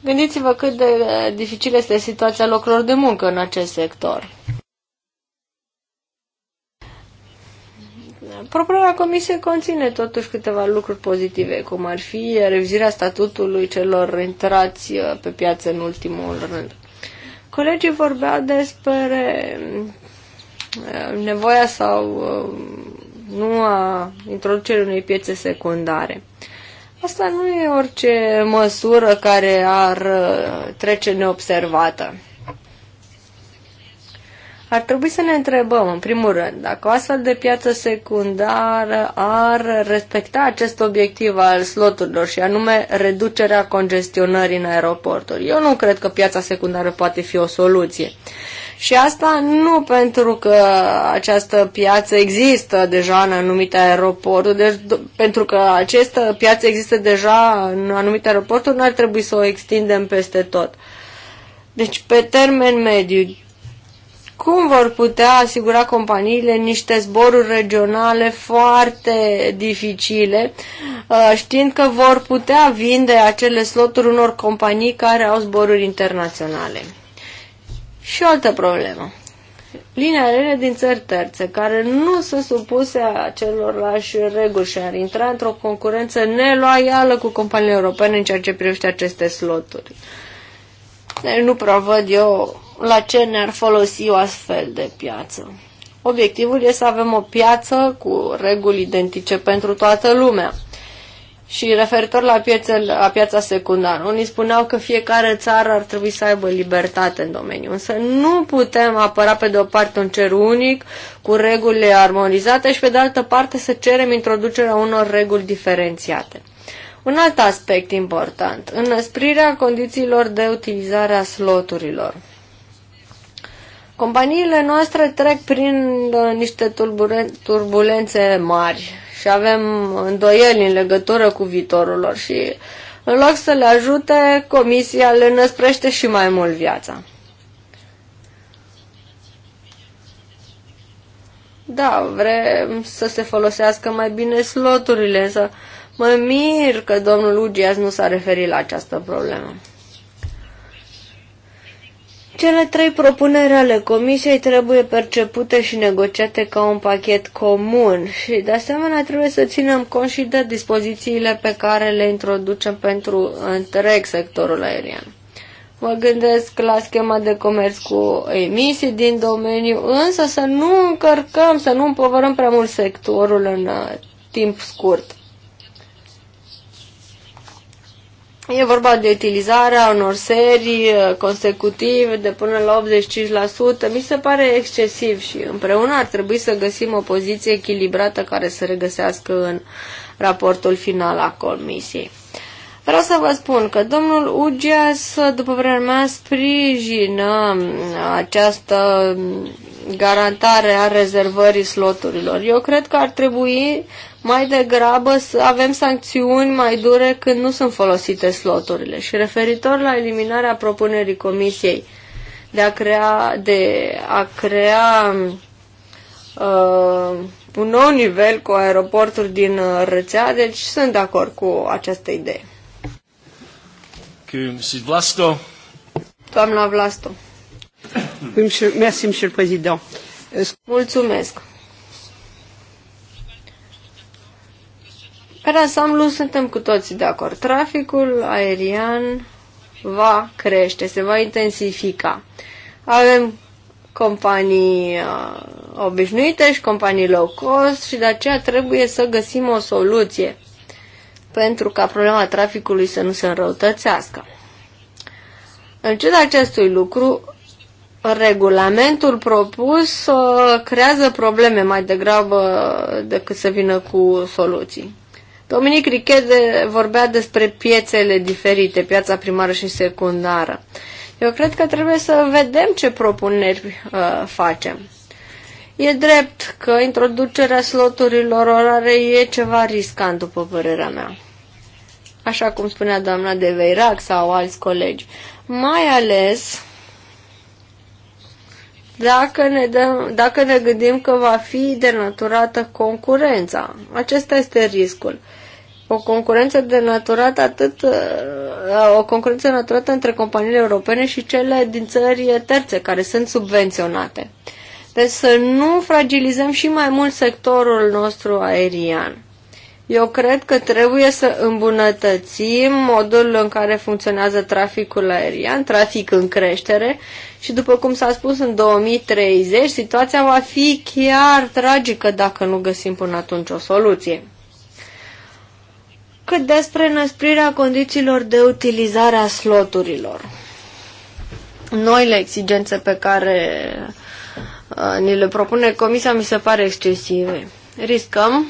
Gândiți-vă cât de dificilă este situația locurilor de muncă în acest sector. Propunerea comisiei conține totuși câteva lucruri pozitive, cum ar fi revizirea statutului celor intrați uh, pe piață în ultimul rând. Colegii vorbeau despre uh, nevoia sau uh, nu a introducerii unei piețe secundare. Asta nu e orice măsură care ar uh, trece neobservată. Ar trebui să ne întrebăm, în primul rând, dacă o astfel de piață secundară ar respecta acest obiectiv al sloturilor și anume reducerea congestionării în aeroporturi. Eu nu cred că piața secundară poate fi o soluție. Și asta nu pentru că această piață există deja în anumite aeroporturi, deci pentru că această piață există deja în anumite aeroporturi, nu ar trebui să o extindem peste tot. Deci, pe termen mediu, cum vor putea asigura companiile niște zboruri regionale foarte dificile, uh, știind că vor putea vinde acele sloturi unor companii care au zboruri internaționale? Și o altă problemă. Linia aeriene din țări terțe, care nu sunt supuse acelorlași reguli și ar intra într-o concurență neloială cu companiile europene în ceea ce privește aceste sloturi. Deci nu prea văd eu la ce ne-ar folosi o astfel de piață. Obiectivul este să avem o piață cu reguli identice pentru toată lumea. Și referitor la, piețe, la piața secundară, unii spuneau că fiecare țară ar trebui să aibă libertate în domeniu, însă nu putem apăra pe de o parte un cer unic cu regulile armonizate și pe de altă parte să cerem introducerea unor reguli diferențiate. Un alt aspect important, înăsprirea condițiilor de utilizare a sloturilor. Companiile noastre trec prin uh, niște turbulențe mari și avem îndoieli în legătură cu viitorul lor și în loc să le ajute, comisia le năsprește și mai mult viața. Da, vrem să se folosească mai bine sloturile, să mă mir că domnul Ugias nu s-a referit la această problemă. Cele trei propuneri ale Comisiei trebuie percepute și negociate ca un pachet comun și, de asemenea, trebuie să ținem cont și de dispozițiile pe care le introducem pentru întreg sectorul aerian. Mă gândesc la schema de comerț cu emisii din domeniu, însă să nu încărcăm, să nu împovărăm prea mult sectorul în uh, timp scurt. E vorba de utilizarea unor serii eh, consecutive de până la 85%. Mi se pare excesiv și împreună ar trebui să găsim o poziție echilibrată care să regăsească în raportul final a comisiei. Vreau să vă spun că domnul Ugeas, după vremea mea, sprijină mm, această mm, garantare a rezervării sloturilor. Eu cred că ar trebui mai degrabă să avem sancțiuni mai dure când nu sunt folosite sloturile. Și referitor la eliminarea propunerii comisiei de a crea, de a crea uh, un nou nivel cu aeroporturi din uh, rețea, deci sunt de acord cu această idee. Doamna Vlasto. Mulțumesc. Per ansamblu suntem cu toții de acord. Traficul aerian va crește, se va intensifica. Avem companii uh, obișnuite și companii low cost și de aceea trebuie să găsim o soluție pentru ca problema traficului să nu se înrăutățească. În ciuda acestui lucru, regulamentul propus uh, creează probleme mai degrabă decât să vină cu soluții. Dominic Richet de, vorbea despre piețele diferite, piața primară și secundară. Eu cred că trebuie să vedem ce propuneri uh, facem. E drept că introducerea sloturilor orare e ceva riscant, după părerea mea. Așa cum spunea doamna de Veirac sau alți colegi. Mai ales dacă ne, dăm, dacă ne gândim că va fi denaturată concurența. Acesta este riscul. O concurență denaturată atât, uh, o concurență naturată între companiile europene și cele din țări terțe care sunt subvenționate. Deci să nu fragilizăm și mai mult sectorul nostru aerian. Eu cred că trebuie să îmbunătățim modul în care funcționează traficul aerian, trafic în creștere și după cum s-a spus în 2030, situația va fi chiar tragică dacă nu găsim până atunci o soluție. Cât despre năsprirea condițiilor de utilizare a sloturilor. Noile exigențe pe care uh, ni le propune Comisia mi se pare excesive. Riscăm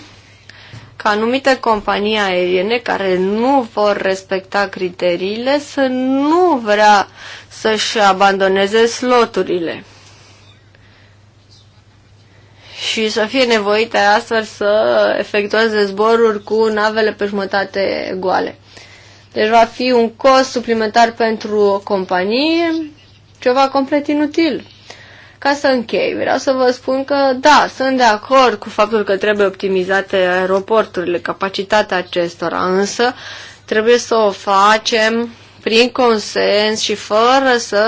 ca anumite companii aeriene care nu vor respecta criteriile să nu vrea să-și abandoneze sloturile și să fie nevoite astfel să efectueze zboruri cu navele pe jumătate goale. Deci va fi un cost suplimentar pentru o companie, ceva complet inutil. Ca să închei, vreau să vă spun că da, sunt de acord cu faptul că trebuie optimizate aeroporturile, capacitatea acestora, însă trebuie să o facem prin consens și fără să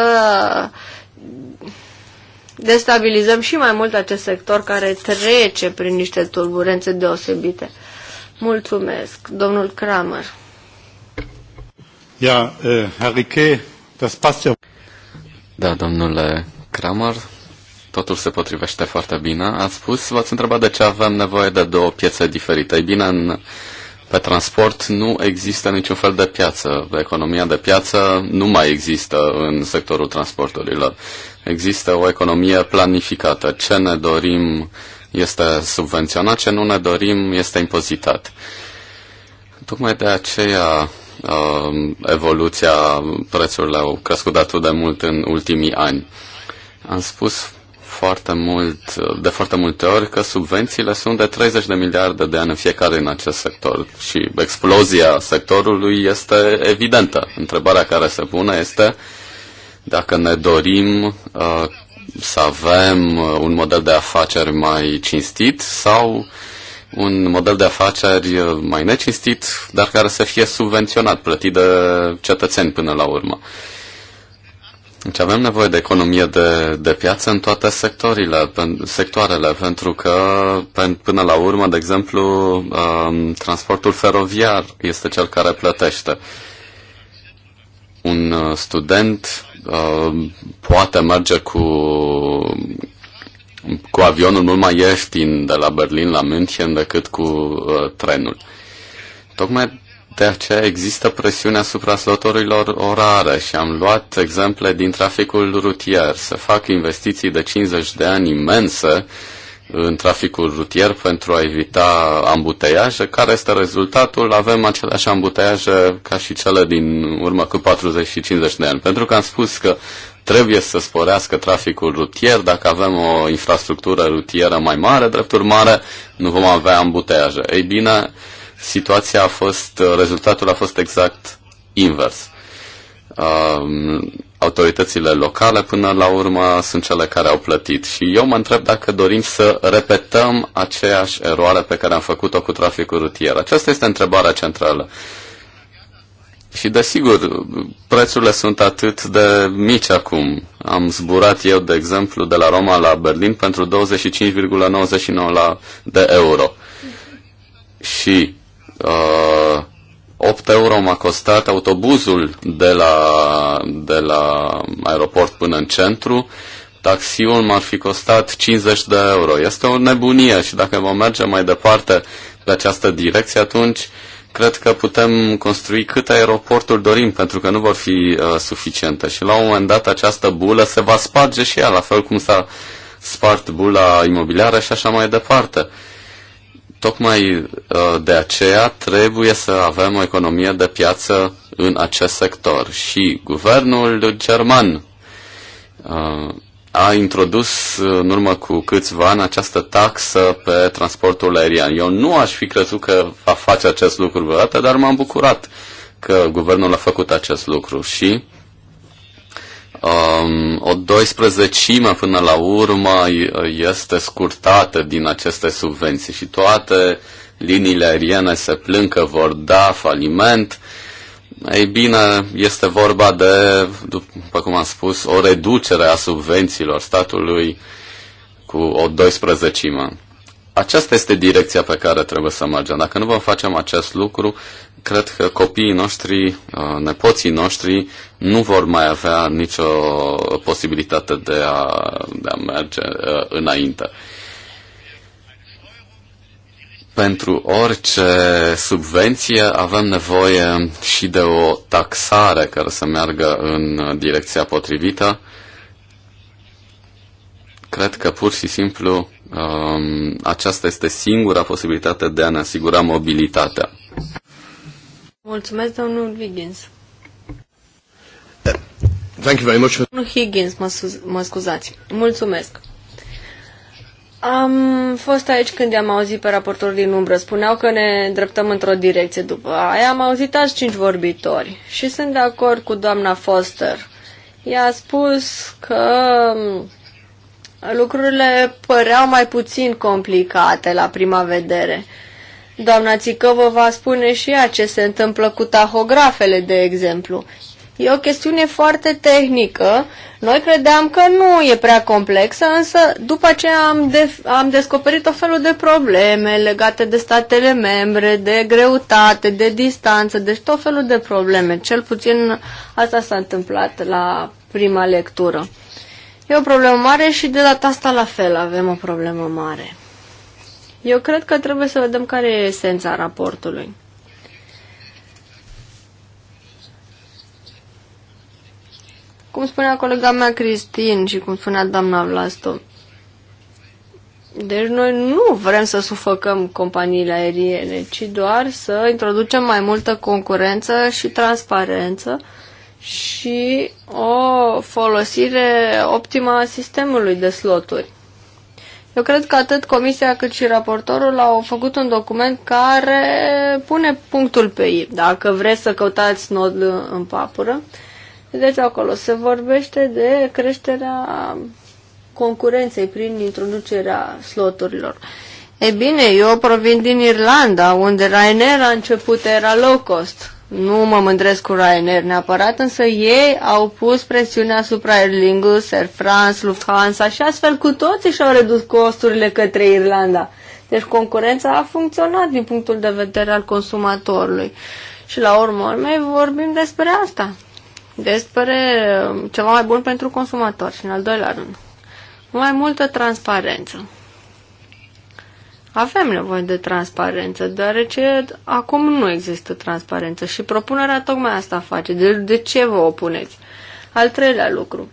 destabilizăm și mai mult acest sector care trece prin niște turbulențe deosebite. Mulțumesc, domnul Kramer. Ja, Herr eh, das passt ja. Da, domnule Kramer, totul se potrivește foarte bine. A spus, v-ați întrebat de ce avem nevoie de două piețe diferite. Ei bine, în, pe transport nu există niciun fel de piață. Economia de piață nu mai există în sectorul transporturilor. Există o economie planificată. Ce ne dorim este subvenționat, ce nu ne dorim este impozitat. Tocmai de aceea um, evoluția prețurilor au crescut atât de mult în ultimii ani. Am spus foarte mult, de foarte multe ori că subvențiile sunt de 30 de miliarde de ani în fiecare în acest sector și explozia sectorului este evidentă. Întrebarea care se pune este dacă ne dorim uh, să avem uh, un model de afaceri mai cinstit sau un model de afaceri uh, mai necinstit, dar care să fie subvenționat, plătit de cetățeni până la urmă. Uh, deci avem nevoie de economie de, de piață în toate sectorile, pen, sectoarele, pentru că pen, până la urmă, de exemplu, um, transportul feroviar este cel care plătește. Un uh, student uh, poate merge cu, cu avionul mult mai ieftin de la Berlin la München decât cu uh, trenul. Tocmai de aceea există presiune asupra slotorilor orare și am luat exemple din traficul rutier. să fac investiții de 50 de ani imense în traficul rutier pentru a evita ambuteiaje. Care este rezultatul? Avem aceleași ambuteiaje ca și cele din urmă cu 40 și 50 de ani. Pentru că am spus că trebuie să sporească traficul rutier, dacă avem o infrastructură rutieră mai mare, drept urmare, nu vom avea ambuteiaje. Ei bine, situația a fost, rezultatul a fost exact invers. Um, autoritățile locale, până la urmă, sunt cele care au plătit. Și eu mă întreb dacă dorim să repetăm aceeași eroare pe care am făcut-o cu traficul rutier. Aceasta este întrebarea centrală. Și desigur, prețurile sunt atât de mici acum. Am zburat eu, de exemplu, de la Roma la Berlin pentru 25,99 de euro. Și uh, 8 euro m-a costat autobuzul de la, de la aeroport până în centru, taxiul m-ar fi costat 50 de euro. Este o nebunie și dacă vom merge mai departe pe această direcție, atunci cred că putem construi câte aeroporturi dorim, pentru că nu vor fi uh, suficiente. Și la un moment dat această bulă se va sparge și ea, la fel cum s-a spart bula imobiliară și așa mai departe. Uh, Tocmai uh, de aceea trebuie să avem o economie de piață în acest sector și guvernul german uh, a introdus uh, în urmă cu câțiva ani această taxă pe transportul aerian. Eu nu aș fi crezut că va face acest lucru vreodată, dar m-am bucurat că guvernul a făcut acest lucru și um, o doisprezecime până la urmă este scurtată din aceste subvenții și toate liniile aeriene se plâng că vor da faliment. Ei bine, este vorba de, după cum am spus, o reducere a subvențiilor statului cu o doisprezecime aceasta este direcția pe care trebuie să mergem. Dacă nu vom facem acest lucru, cred că copiii noștri, uh, nepoții noștri, nu vor mai avea nicio posibilitate de a, de a merge uh, înainte. Pentru orice subvenție avem nevoie și de o taxare care să meargă în direcția potrivită. Cred că pur și simplu Um, aceasta este singura posibilitate de a ne asigura mobilitatea. Mulțumesc, domnul Higgins. Thank you very much. Domnul Higgins, mă, mă scuzați. Mulțumesc. Am fost aici când am auzit pe raportor din umbră. Spuneau că ne îndreptăm într-o direcție. După aia am auzit alți cinci vorbitori și sunt de acord cu doamna Foster. I-a spus că lucrurile păreau mai puțin complicate la prima vedere. Doamna Țică vă va spune și ea ce se întâmplă cu tahografele, de exemplu. E o chestiune foarte tehnică. Noi credeam că nu e prea complexă, însă după ce am, de- am descoperit o felul de probleme legate de statele membre, de greutate, de distanță, deci tot felul de probleme. Cel puțin asta s-a întâmplat la prima lectură. E o problemă mare și de data asta la fel avem o problemă mare. Eu cred că trebuie să vedem care e esența raportului. Cum spunea colega mea Cristin și cum spunea doamna Vlasto, deci noi nu vrem să sufocăm companiile aeriene, ci doar să introducem mai multă concurență și transparență și o folosire optimă a sistemului de sloturi. Eu cred că atât comisia cât și raportorul au făcut un document care pune punctul pe ei, dacă vreți să căutați nod în papură. Vedeți acolo, se vorbește de creșterea concurenței prin introducerea sloturilor. E bine, eu provin din Irlanda, unde Ryanair a început era low cost. Nu mă mândresc cu Ryanair neapărat, însă ei au pus presiunea asupra Aer Lingus, Air France, Lufthansa și astfel cu toții și-au redus costurile către Irlanda. Deci concurența a funcționat din punctul de vedere al consumatorului. Și la urmă mai vorbim despre asta. Despre um, ceva mai bun pentru consumator și în al doilea rând. Mai multă transparență. Avem nevoie de transparență, deoarece acum nu există transparență și propunerea tocmai asta face. De, de ce vă opuneți? Al treilea lucru.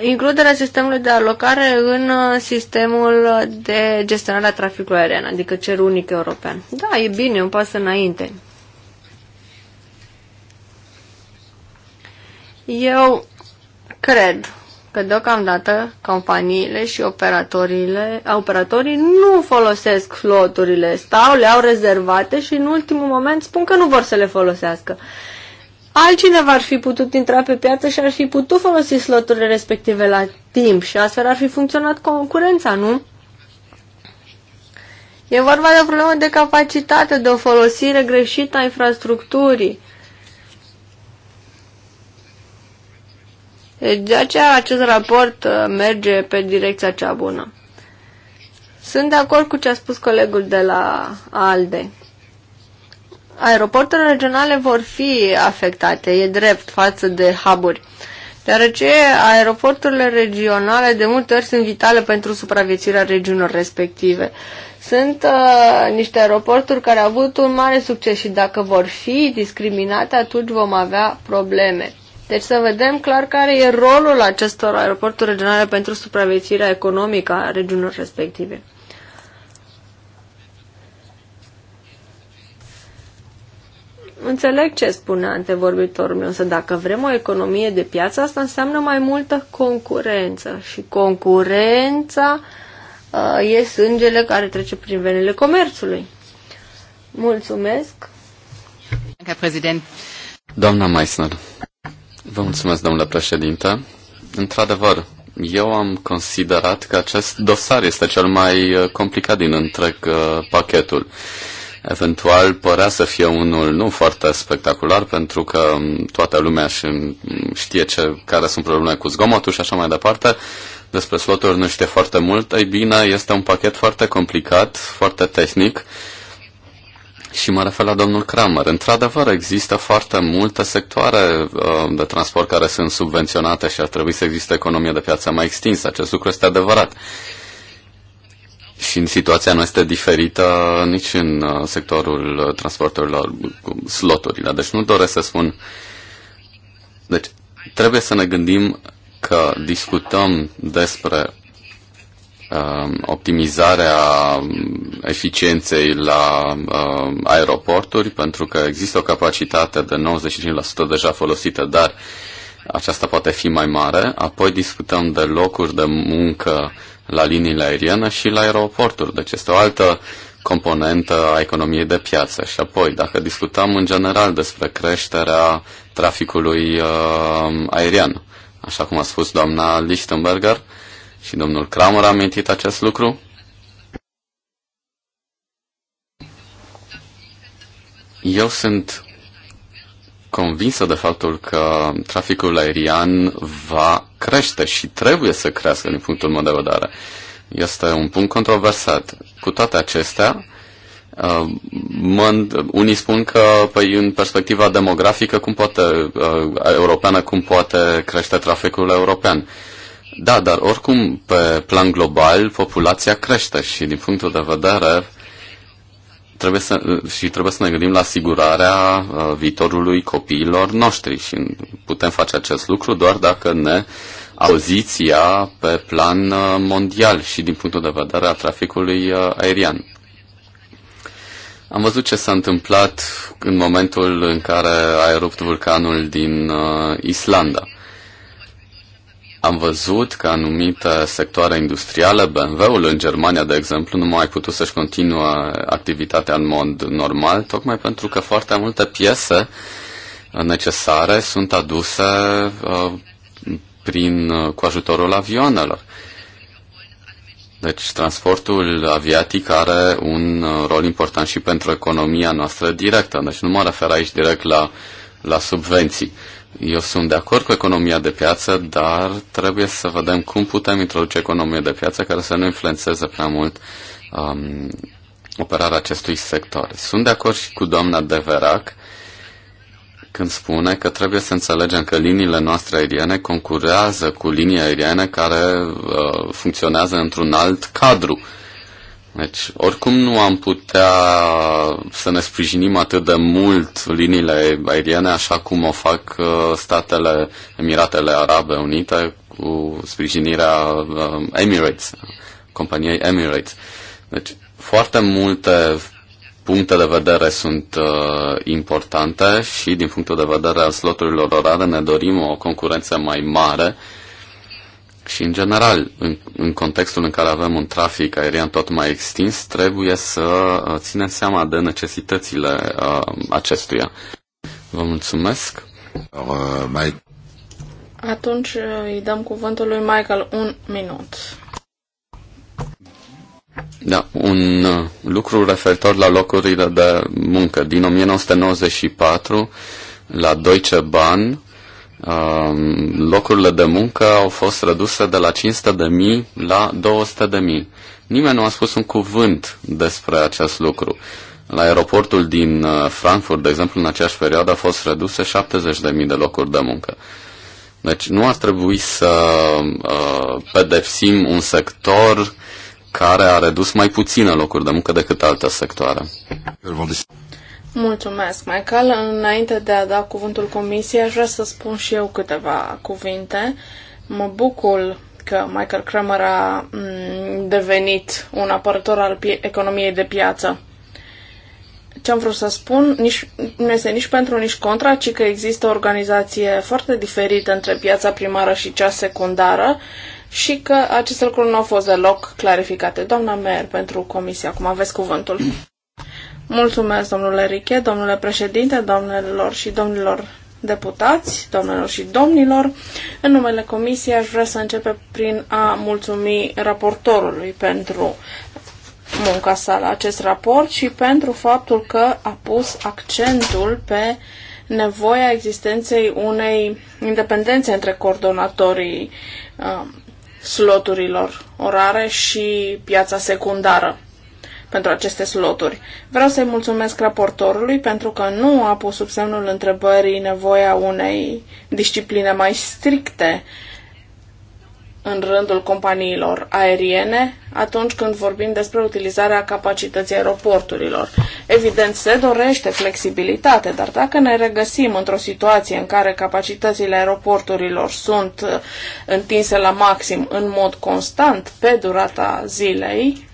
Includerea sistemului de alocare în uh, sistemul de gestionare a traficului aerian, adică cer unic european. Da, e bine, un pas înainte. Eu cred că deocamdată companiile și operatorile, operatorii nu folosesc floturile, stau, le-au rezervate și în ultimul moment spun că nu vor să le folosească. Altcineva ar fi putut intra pe piață și ar fi putut folosi sloturile respective la timp și astfel ar fi funcționat concurența, nu? E vorba de o problemă de capacitate, de o folosire greșită a infrastructurii. De aceea acest raport uh, merge pe direcția cea bună. Sunt de acord cu ce a spus colegul de la ALDE. Aeroportele regionale vor fi afectate, e drept, față de huburi, deoarece aeroporturile regionale de multe ori sunt vitale pentru supraviețuirea regiunilor respective. Sunt uh, niște aeroporturi care au avut un mare succes și dacă vor fi discriminate, atunci vom avea probleme. Deci să vedem clar care e rolul acestor aeroporturi regionale pentru supraviețuirea economică a regiunilor respective. Înțeleg ce spune antevorbitorul meu, însă dacă vrem o economie de piață, asta înseamnă mai multă concurență. Și concurența uh, e sângele care trece prin venele comerțului. Mulțumesc! Doamna Meissner. Vă mulțumesc, domnule președinte. Într-adevăr, eu am considerat că acest dosar este cel mai uh, complicat din întreg uh, pachetul. Eventual părea să fie unul nu foarte spectacular pentru că um, toată lumea um, știe ce, care sunt problemele cu zgomotul și așa mai departe. Despre sloturi nu știe foarte mult. Ei bine, este un pachet foarte complicat, foarte tehnic și mă refer la domnul Kramer. Într-adevăr, există foarte multe sectoare uh, de transport care sunt subvenționate și ar trebui să existe economie de piață mai extinsă. Acest lucru este adevărat. Și în situația nu este diferită nici în uh, sectorul uh, transporturilor cu sloturile. Deci nu doresc să spun. Deci trebuie să ne gândim că discutăm despre Um, optimizarea eficienței la um, aeroporturi, pentru că există o capacitate de 95% deja folosită, dar aceasta poate fi mai mare. Apoi discutăm de locuri de muncă la liniile aeriene și la aeroporturi. Deci este o altă componentă a economiei de piață. Și apoi, dacă discutăm în general despre creșterea traficului uh, aerian, așa cum a spus doamna Lichtenberger, uh, și domnul Kramer a amintit acest lucru. Eu sunt convinsă de faptul că traficul aerian va crește și trebuie să crească din punctul meu de vedere. Este un punct controversat. Cu toate acestea, Uh, unii spun că păi, în perspectiva demografică cum poate, uh, europeană cum poate crește traficul european. Da, dar oricum, pe plan global, populația crește și din punctul de vedere trebuie să, și trebuie să ne gândim la asigurarea uh, viitorului copiilor noștri și putem face acest lucru doar dacă ne poziția pe plan uh, mondial și din punctul de vedere a traficului uh, aerian. Am văzut ce s-a întâmplat în momentul în care a erupt vulcanul din Islanda. Am văzut că anumite sectoare industriale, BMW-ul în Germania, de exemplu, nu mai putut să-și continuă activitatea în mod normal, tocmai pentru că foarte multe piese necesare sunt aduse uh, prin, uh, cu ajutorul avioanelor. Deci transportul aviatic are un uh, rol important și pentru economia noastră directă. Deci nu mă refer aici direct la, la subvenții. Uh, eu sunt de acord cu economia de piață, dar trebuie să vedem cum putem introduce economia de piață care să nu influențeze prea mult um, operarea acestui sector. Sunt de acord și cu doamna Deverac când spune că trebuie să înțelegem că liniile noastre aeriene concurează cu linii aeriene care uh, funcționează într-un alt cadru. Uh, deci, oricum nu am putea să ne sprijinim atât de mult liniile aeriene așa cum o fac uh, statele Emiratele Arabe Unite cu sprijinirea uh, Emirates, companiei Emirates. Deci, foarte multe puncte de vedere sunt uh, importante și din punctul de vedere al sloturilor orare ne dorim o concurență mai mare uh, și, în general, în, în contextul în care avem un trafic aerian tot mai extins, trebuie să uh, ținem seama de necesitățile uh, acestuia. Vă mulțumesc. Euh, uh, mai... Atunci îi dăm cuvântul lui Michael un minut. Da, un uh, lucru referitor la locurile de muncă. Din 1994, la Deutsche Bahn, Um, locurile de muncă au fost reduse de la 500 de mii la 200 de mii. Nimeni nu a spus un cuvânt despre acest lucru. La aeroportul din uh, Frankfurt, de exemplu, în aceeași perioadă au fost reduse 70 de mii de locuri de muncă. Deci nu ar trebui să uh, pedepsim un sector care a redus mai puține locuri de muncă decât alte sectoare. Mulțumesc, Michael. Înainte de a da cuvântul comisiei, aș vrea să spun și eu câteva cuvinte. Mă bucur că Michael Kramer a mm, devenit un apărător al economiei de piață. Ce am vrut să spun, nici, nu este nici pentru, nici contra, ci că există o organizație foarte diferită între piața primară și cea secundară și că aceste lucruri nu au fost deloc clarificate. Doamna Mer, pentru comisie, acum aveți cuvântul. Mulțumesc, domnule Riche, domnule președinte, domnilor și domnilor deputați, domnilor și domnilor. În numele comisiei aș vrea să încep prin a mulțumi raportorului pentru munca sa la acest raport și pentru faptul că a pus accentul pe nevoia existenței unei independențe între coordonatorii uh, sloturilor orare și piața secundară pentru aceste sloturi. Vreau să-i mulțumesc raportorului pentru că nu a pus sub semnul întrebării nevoia unei discipline mai stricte în rândul companiilor aeriene atunci când vorbim despre utilizarea capacității aeroporturilor. Evident, se dorește flexibilitate, dar dacă ne regăsim într-o situație în care capacitățile aeroporturilor sunt întinse la maxim în mod constant pe durata zilei,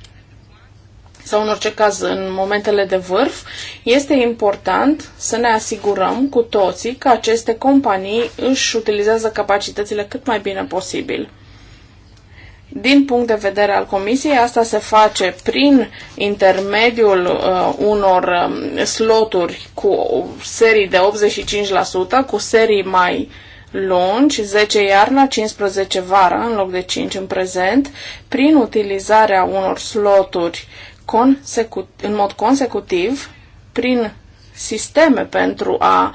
sau în orice caz în momentele de vârf, este important să ne asigurăm cu toții că aceste companii își utilizează capacitățile cât mai bine posibil. Din punct de vedere al comisiei, asta se face prin intermediul uh, unor um, sloturi cu serii de 85%, cu serii mai lungi, 10 iarna, 15 vara, în loc de 5 în prezent, prin utilizarea unor sloturi consecut, în mod consecutiv prin sisteme pentru a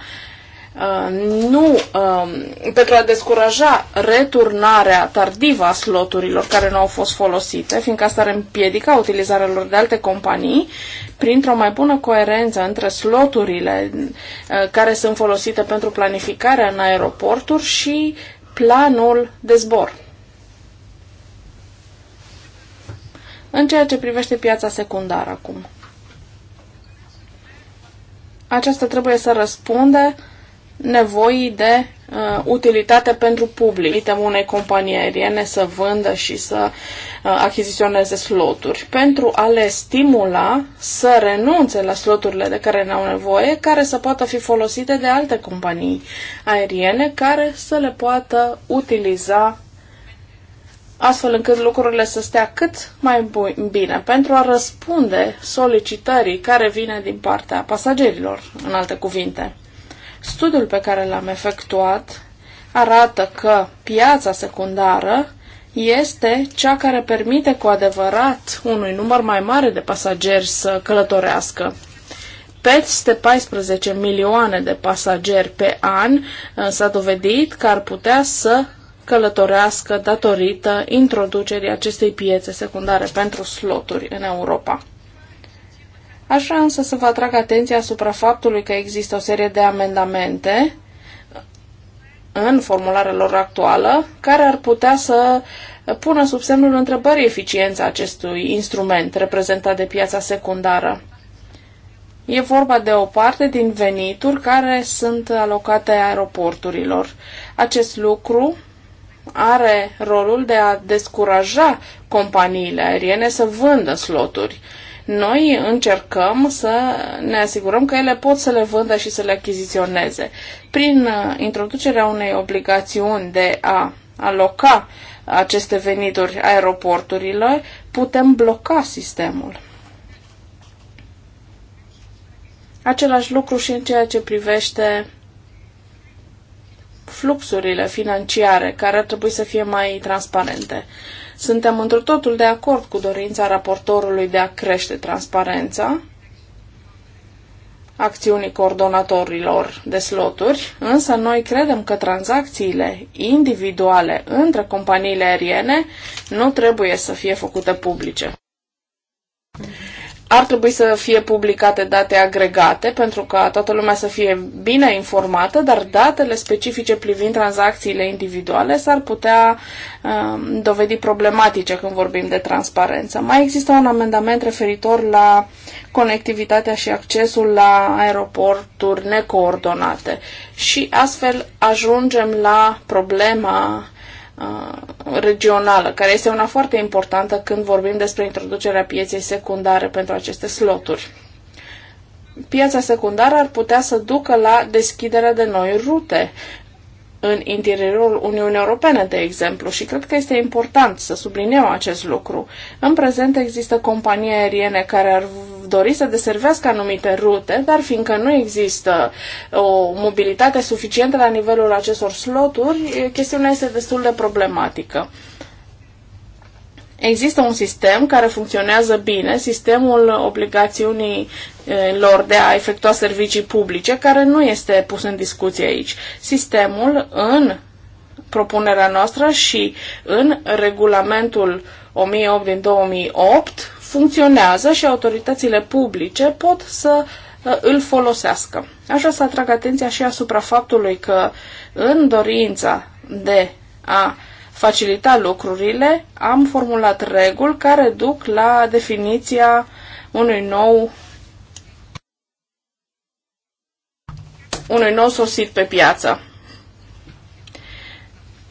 uh, nu uh, pentru a descuraja returnarea tardivă a sloturilor care nu au fost folosite, fiindcă asta ar împiedica utilizarea lor de alte companii, printr-o mai bună coerență între sloturile uh, care sunt folosite pentru planificarea în aeroporturi și planul de zbor. În ceea ce privește piața secundară acum. Aceasta trebuie să răspunde nevoii de uh, utilitate pentru public. Permitem unei companii aeriene să vândă și să uh, achiziționeze sloturi pentru a le stimula să renunțe la sloturile de care ne-au nevoie, care să poată fi folosite de alte companii aeriene care să le poată utiliza astfel încât lucrurile să stea cât mai bine pentru a răspunde solicitării care vine din partea pasagerilor, în alte cuvinte. Studiul pe care l-am efectuat arată că piața secundară este cea care permite cu adevărat unui număr mai mare de pasageri să călătorească. Peste 14 milioane de pasageri pe an s-a dovedit că ar putea să călătorească datorită introducerii acestei piețe secundare pentru sloturi în Europa. Aș vrea însă să vă atrag atenția asupra faptului că există o serie de amendamente în formularea lor actuală, care ar putea să pună sub semnul întrebării eficiența acestui instrument reprezentat de piața secundară. E vorba de o parte din venituri care sunt alocate aeroporturilor. Acest lucru are rolul de a descuraja companiile aeriene să vândă sloturi. Noi încercăm să ne asigurăm că ele pot să le vândă și să le achiziționeze. Prin uh, introducerea unei obligațiuni de a aloca aceste venituri aeroporturilor, putem bloca sistemul. Același lucru și în ceea ce privește fluxurile financiare, care ar trebui să fie mai transparente. Suntem într totul de acord cu dorința raportorului de a crește transparența acțiunii coordonatorilor de sloturi, însă noi credem că tranzacțiile individuale între companiile aeriene nu trebuie să fie făcute publice ar trebui să fie publicate date agregate pentru ca toată lumea să fie bine informată, dar datele specifice privind tranzacțiile individuale s-ar putea um, dovedi problematice când vorbim de transparență. Mai există un amendament referitor la conectivitatea și accesul la aeroporturi necoordonate și astfel ajungem la problema uh, Uh, regională, care este una foarte importantă când vorbim despre introducerea pieței secundare pentru aceste sloturi. Piața secundară ar putea să ducă la deschiderea de noi rute în interiorul Uniunii Europene, de exemplu, și cred că este important să subliniem acest lucru. În prezent există companii aeriene care ar dori să deservească anumite rute, dar fiindcă nu există o mobilitate suficientă la nivelul acestor sloturi, chestiunea este destul de problematică. Există un sistem care funcționează bine, sistemul obligațiunii lor de a efectua servicii publice, care nu este pus în discuție aici. Sistemul în propunerea noastră și în regulamentul 1008 din 2008 funcționează și autoritățile publice pot să îl folosească. Așa să atrag atenția și asupra faptului că în dorința de a uh, facilita lucrurile, am formulat reguli care duc la definiția unui nou unui nou sosit pe piață.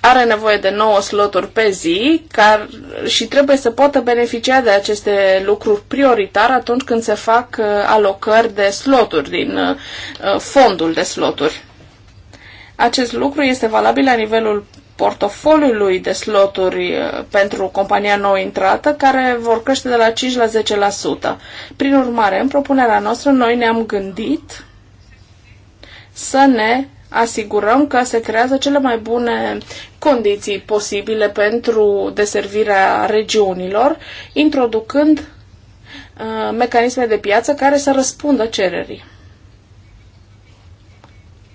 Are nevoie de 9 sloturi pe zi car, și trebuie să poată beneficia de aceste lucruri prioritar atunci când se fac uh, alocări de sloturi din uh, fondul de sloturi. Acest lucru este valabil la nivelul portofoliului de sloturi uh, pentru compania nouă intrată, care vor crește de la 5 la 10%. Prin urmare, în propunerea noastră, noi ne-am gândit să ne asigurăm că se creează cele mai bune condiții posibile pentru deservirea regiunilor, introducând uh, mecanisme de piață care să răspundă cererii.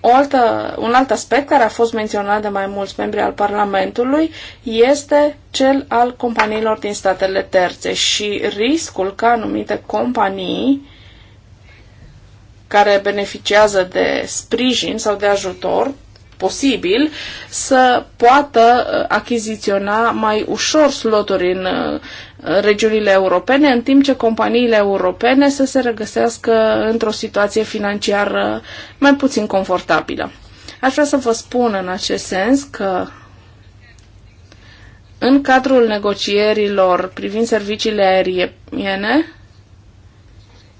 O altă, un alt aspect care a fost menționat de mai mulți membri al Parlamentului este cel al companiilor din statele terțe și riscul ca anumite companii care beneficiază de sprijin sau de ajutor posibil să poată uh, achiziționa mai ușor sloturi în uh, regiunile europene, în timp ce companiile europene să se regăsească într-o situație financiară mai puțin confortabilă. Aș vrea să vă spun în acest sens că în cadrul negocierilor privind serviciile aeriene,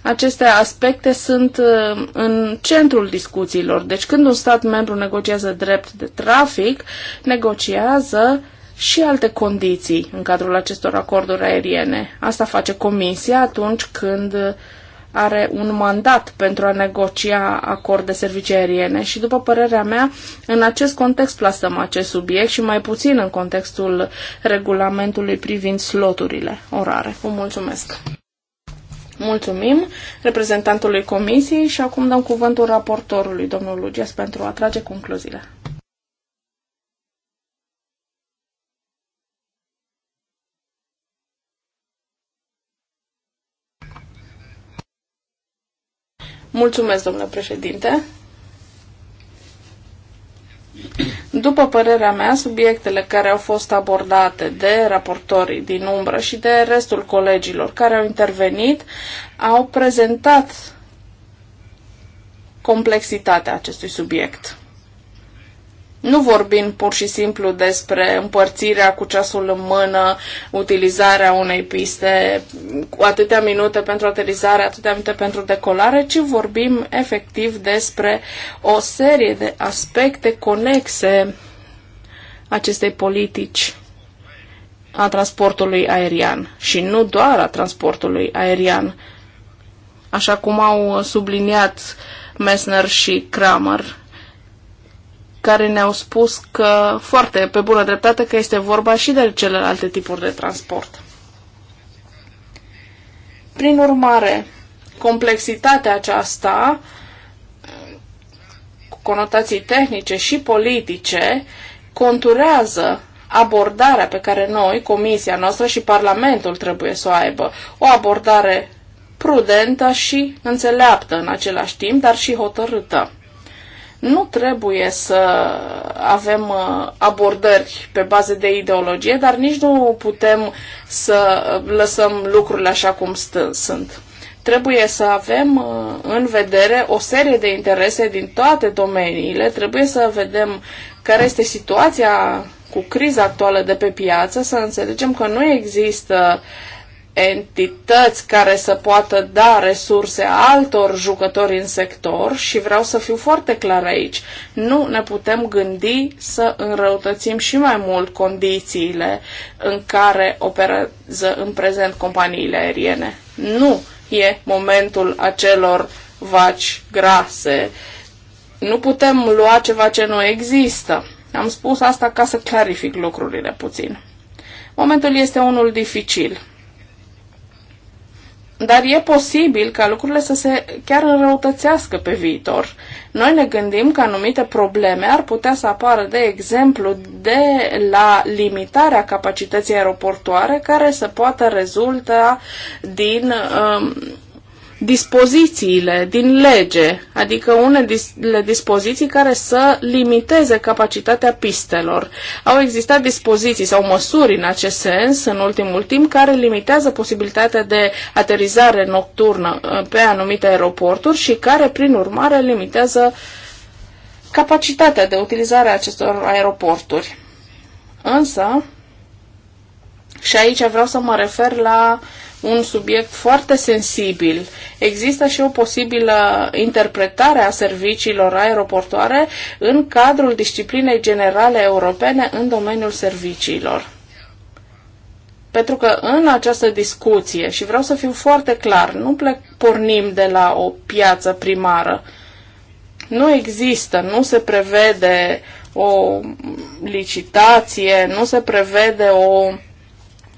aceste aspecte sunt uh, în centrul discuțiilor. Deci când un stat membru negociază drept de trafic, negociază și alte condiții în cadrul acestor acorduri aeriene. Asta face comisia atunci când are un mandat pentru a negocia acord de servicii aeriene și, după părerea mea, în acest context plasăm acest subiect și mai puțin în contextul regulamentului privind sloturile orare. Vă mulțumesc! Mulțumim reprezentantului comisiei și acum dăm cuvântul raportorului, domnul Luges, pentru a trage concluziile. Mulțumesc, domnule președinte. După părerea mea, subiectele care au fost abordate de raportorii din umbră și de restul colegilor care au intervenit au prezentat complexitatea acestui subiect. Nu vorbim pur și simplu despre împărțirea cu ceasul în mână, utilizarea unei piste cu atâtea minute pentru aterizare, atâtea minute pentru decolare, ci vorbim efectiv despre o serie de aspecte conexe acestei politici a transportului aerian și nu doar a transportului aerian, așa cum au subliniat Messner și Kramer care ne-au spus că, foarte pe bună dreptate, că este vorba și de celelalte tipuri de transport. Prin urmare, complexitatea aceasta, cu conotații tehnice și politice, conturează abordarea pe care noi, Comisia noastră și Parlamentul trebuie să o aibă. O abordare prudentă și înțeleaptă în același timp, dar și hotărâtă. Nu trebuie să avem uh, abordări pe bază de ideologie, dar nici nu putem să uh, lăsăm lucrurile așa cum sunt trebuie să avem uh, în vedere o serie de interese din toate domeniile, trebuie să vedem care este situația cu criza actuală de pe piață, să înțelegem că nu există entități care să poată da resurse altor jucători în sector și vreau să fiu foarte clar aici. Nu ne putem gândi să înrăutățim și mai mult condițiile în care operează în prezent companiile aeriene. Nu e momentul acelor vaci grase. Nu putem lua ceva ce nu există. Am spus asta ca să clarific lucrurile puțin. Momentul este unul dificil dar e posibil ca lucrurile să se chiar înrăutățească pe viitor. Noi ne gândim că anumite probleme ar putea să apară, de exemplu, de la limitarea capacității aeroportoare care să poată rezulta din um, dispozițiile din lege, adică unele dispoziții care să limiteze capacitatea pistelor. Au existat dispoziții sau măsuri în acest sens în ultimul timp care limitează posibilitatea de aterizare nocturnă uh, pe anumite aeroporturi și care, prin urmare, limitează capacitatea de utilizare a acestor aeroporturi. Însă, și aici vreau să mă refer la uh, un subiect foarte sensibil. Există și o posibilă interpretare a serviciilor aeroportoare în cadrul disciplinei generale europene în domeniul serviciilor. Pentru că în această discuție, și vreau să fiu foarte clar, nu plec, pornim de la o piață primară. Nu există, nu se prevede o licitație, nu se prevede o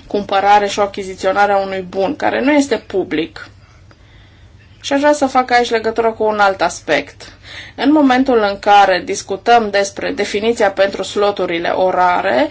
cumpărare și o achiziționare a unui bun care nu este public. Și aș vrea să fac aici legătură cu un alt aspect. În momentul în care discutăm despre definiția pentru sloturile orare,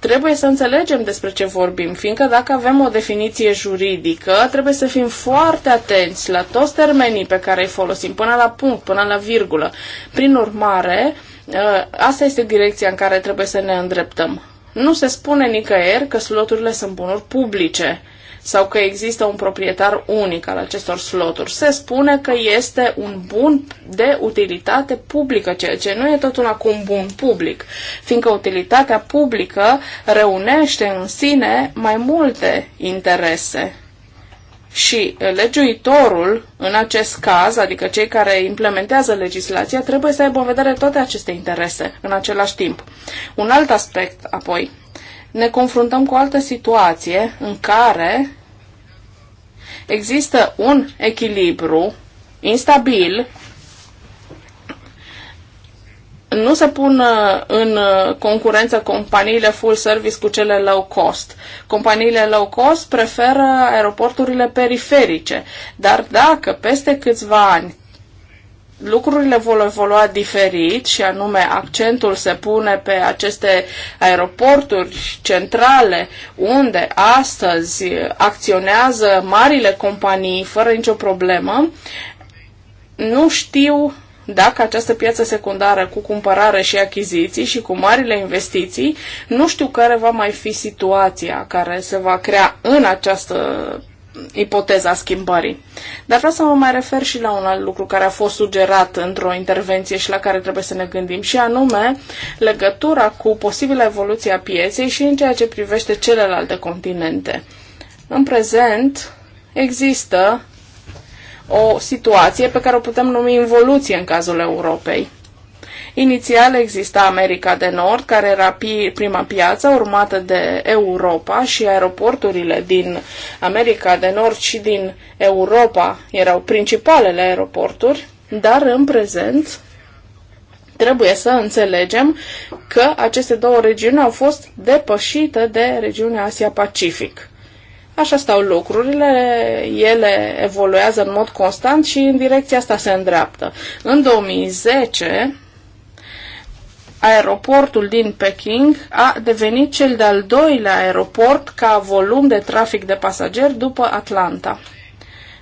trebuie să înțelegem despre ce vorbim, fiindcă dacă avem o definiție juridică, trebuie să fim foarte atenți la toți termenii pe care îi folosim, până la punct, până la virgulă. Prin urmare, ă, asta este direcția în care trebuie să ne îndreptăm. Nu se spune nicăieri că sloturile sunt bunuri publice sau că există un proprietar unic al acestor sloturi. Se spune că este un bun de utilitate publică, ceea ce nu e totul acum un bun public, fiindcă utilitatea publică reunește în sine mai multe interese. Și uh, legiuitorul, în acest caz, adică cei care implementează legislația, trebuie să aibă în vedere toate aceste interese în același timp. Un alt aspect, apoi, ne confruntăm cu o altă situație în care există un echilibru instabil nu se pun uh, în uh, concurență companiile full service cu cele low cost. Companiile low cost preferă aeroporturile periferice, dar dacă peste câțiva ani lucrurile vor evolua diferit și anume accentul se pune pe aceste aeroporturi centrale unde astăzi acționează marile companii fără nicio problemă, nu știu dacă această piață secundară cu cumpărare și achiziții și cu marile investiții, nu știu care va mai fi situația care se va crea în această ipoteza schimbării. Dar vreau să mă mai refer și la un alt lucru care a fost sugerat într-o intervenție și la care trebuie să ne gândim, și anume legătura cu posibilă evoluție a pieței și în ceea ce privește celelalte continente. În prezent există o situație pe care o putem numi involuție în cazul Europei. Inițial exista America de Nord, care era prima piață, urmată de Europa și aeroporturile din America de Nord și din Europa erau principalele aeroporturi, dar în prezent trebuie să înțelegem că aceste două regiuni au fost depășite de regiunea Asia-Pacific. Așa stau lucrurile, ele evoluează în mod constant și în direcția asta se îndreaptă. În 2010, aeroportul din Peking a devenit cel de-al doilea aeroport ca volum de trafic de pasageri după Atlanta.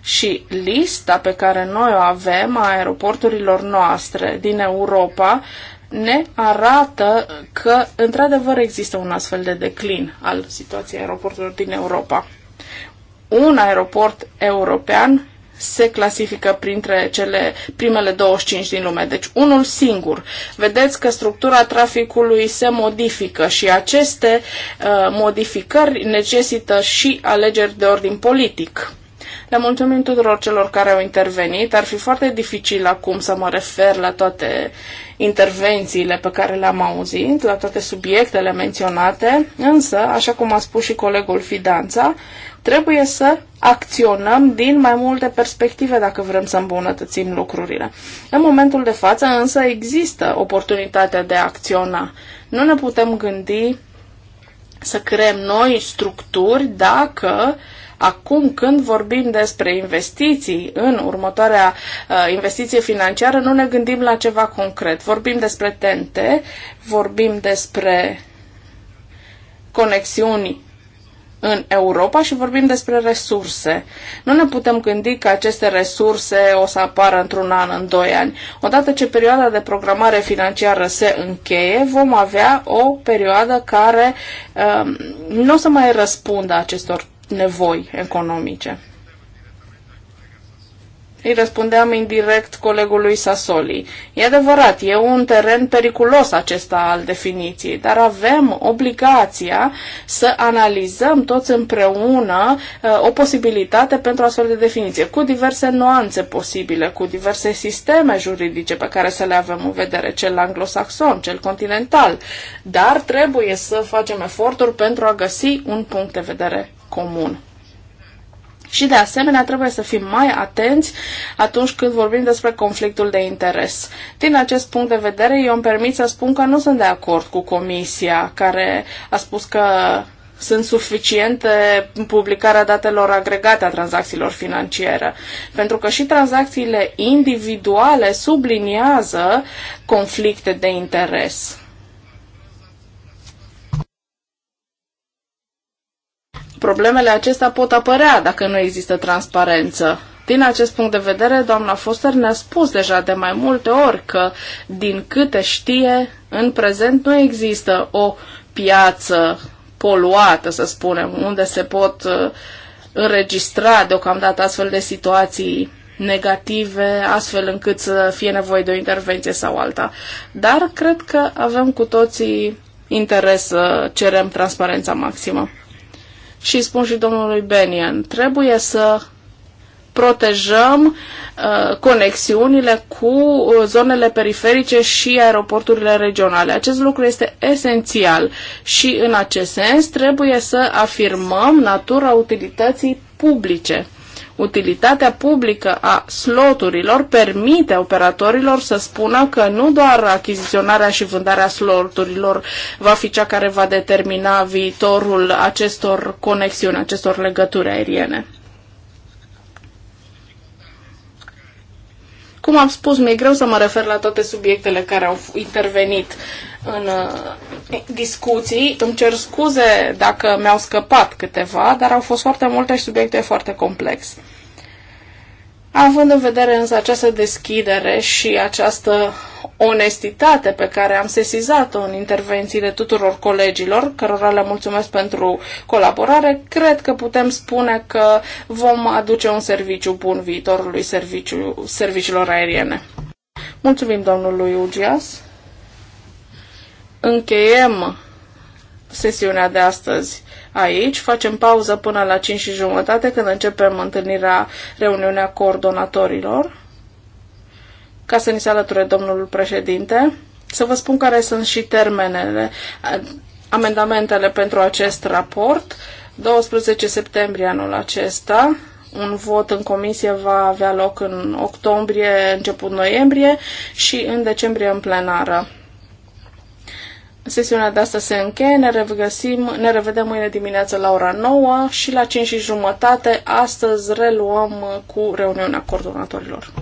Și lista pe care noi o avem a aeroporturilor noastre din Europa ne arată că, într-adevăr, există un astfel de declin al situației aeroporturilor din Europa un aeroport european se clasifică printre cele primele 25 din lume, deci unul singur. Vedeți că structura traficului se modifică și aceste uh, modificări necesită și alegeri de ordin politic. Le mulțumim tuturor celor care au intervenit. Ar fi foarte dificil acum să mă refer la toate intervențiile pe care le-am auzit, la toate subiectele menționate, însă, așa cum a spus și colegul Fidanța, Trebuie să acționăm din mai multe perspective dacă vrem să îmbunătățim lucrurile. În momentul de față însă există oportunitatea de a acționa. Nu ne putem gândi să creăm noi structuri dacă acum când vorbim despre investiții în următoarea uh, investiție financiară, nu ne gândim la ceva concret. Vorbim despre tente, vorbim despre conexiuni în Europa și vorbim despre resurse. Nu ne putem gândi că aceste resurse o să apară într-un an, în doi ani. Odată ce perioada de programare financiară se încheie, vom avea o perioadă care uh, nu o să mai răspundă acestor nevoi economice. Îi răspundeam indirect colegului Sasoli. E adevărat, e un teren periculos acesta al definiției, dar avem obligația să analizăm toți împreună uh, o posibilitate pentru astfel de definiție, cu diverse nuanțe posibile, cu diverse sisteme juridice pe care să le avem în vedere, cel anglosaxon, cel continental, dar trebuie să facem eforturi pentru a găsi un punct de vedere comun. Și de asemenea trebuie să fim mai atenți atunci când vorbim despre conflictul de interes. Din acest punct de vedere, eu îmi permit să spun că nu sunt de acord cu comisia care a spus că sunt suficiente publicarea datelor agregate a tranzacțiilor financiare, pentru că și tranzacțiile individuale subliniază conflicte de interes. problemele acestea pot apărea dacă nu există transparență. Din acest punct de vedere, doamna Foster ne-a spus deja de mai multe ori că, din câte știe, în prezent nu există o piață poluată, să spunem, unde se pot uh, înregistra deocamdată astfel de situații negative, astfel încât să fie nevoie de o intervenție sau alta. Dar cred că avem cu toții interes să cerem transparența maximă și spun și domnului Benian, trebuie să protejăm uh, conexiunile cu uh, zonele periferice și aeroporturile regionale. Acest lucru este esențial și în acest sens trebuie să afirmăm natura utilității publice Utilitatea publică a sloturilor permite operatorilor să spună că nu doar achiziționarea și vândarea sloturilor va fi cea care va determina viitorul acestor conexiuni, acestor legături aeriene. Cum am spus, mi-e greu să mă refer la toate subiectele care au intervenit în uh, discuții. Îmi cer scuze dacă mi-au scăpat câteva, dar au fost foarte multe și subiecte foarte complexe. Având în vedere însă această deschidere și această onestitate pe care am sesizat-o în intervențiile tuturor colegilor, cărora le mulțumesc pentru colaborare, cred că putem spune că vom aduce un serviciu bun viitorului serviciu, serviciilor aeriene. Mulțumim domnului Ugias. Încheiem sesiunea de astăzi aici. Facem pauză până la 5 și jumătate când începem întâlnirea, reuniunea coordonatorilor ca să ni se alăture domnul președinte. Să vă spun care sunt și termenele, amendamentele pentru acest raport. 12 septembrie anul acesta, un vot în comisie va avea loc în octombrie, început noiembrie și în decembrie în plenară. Sesiunea de astăzi se încheie, ne regăsim, ne revedem mâine dimineață la ora 9 și la 5 și jumătate. Astăzi reluăm cu reuniunea coordonatorilor.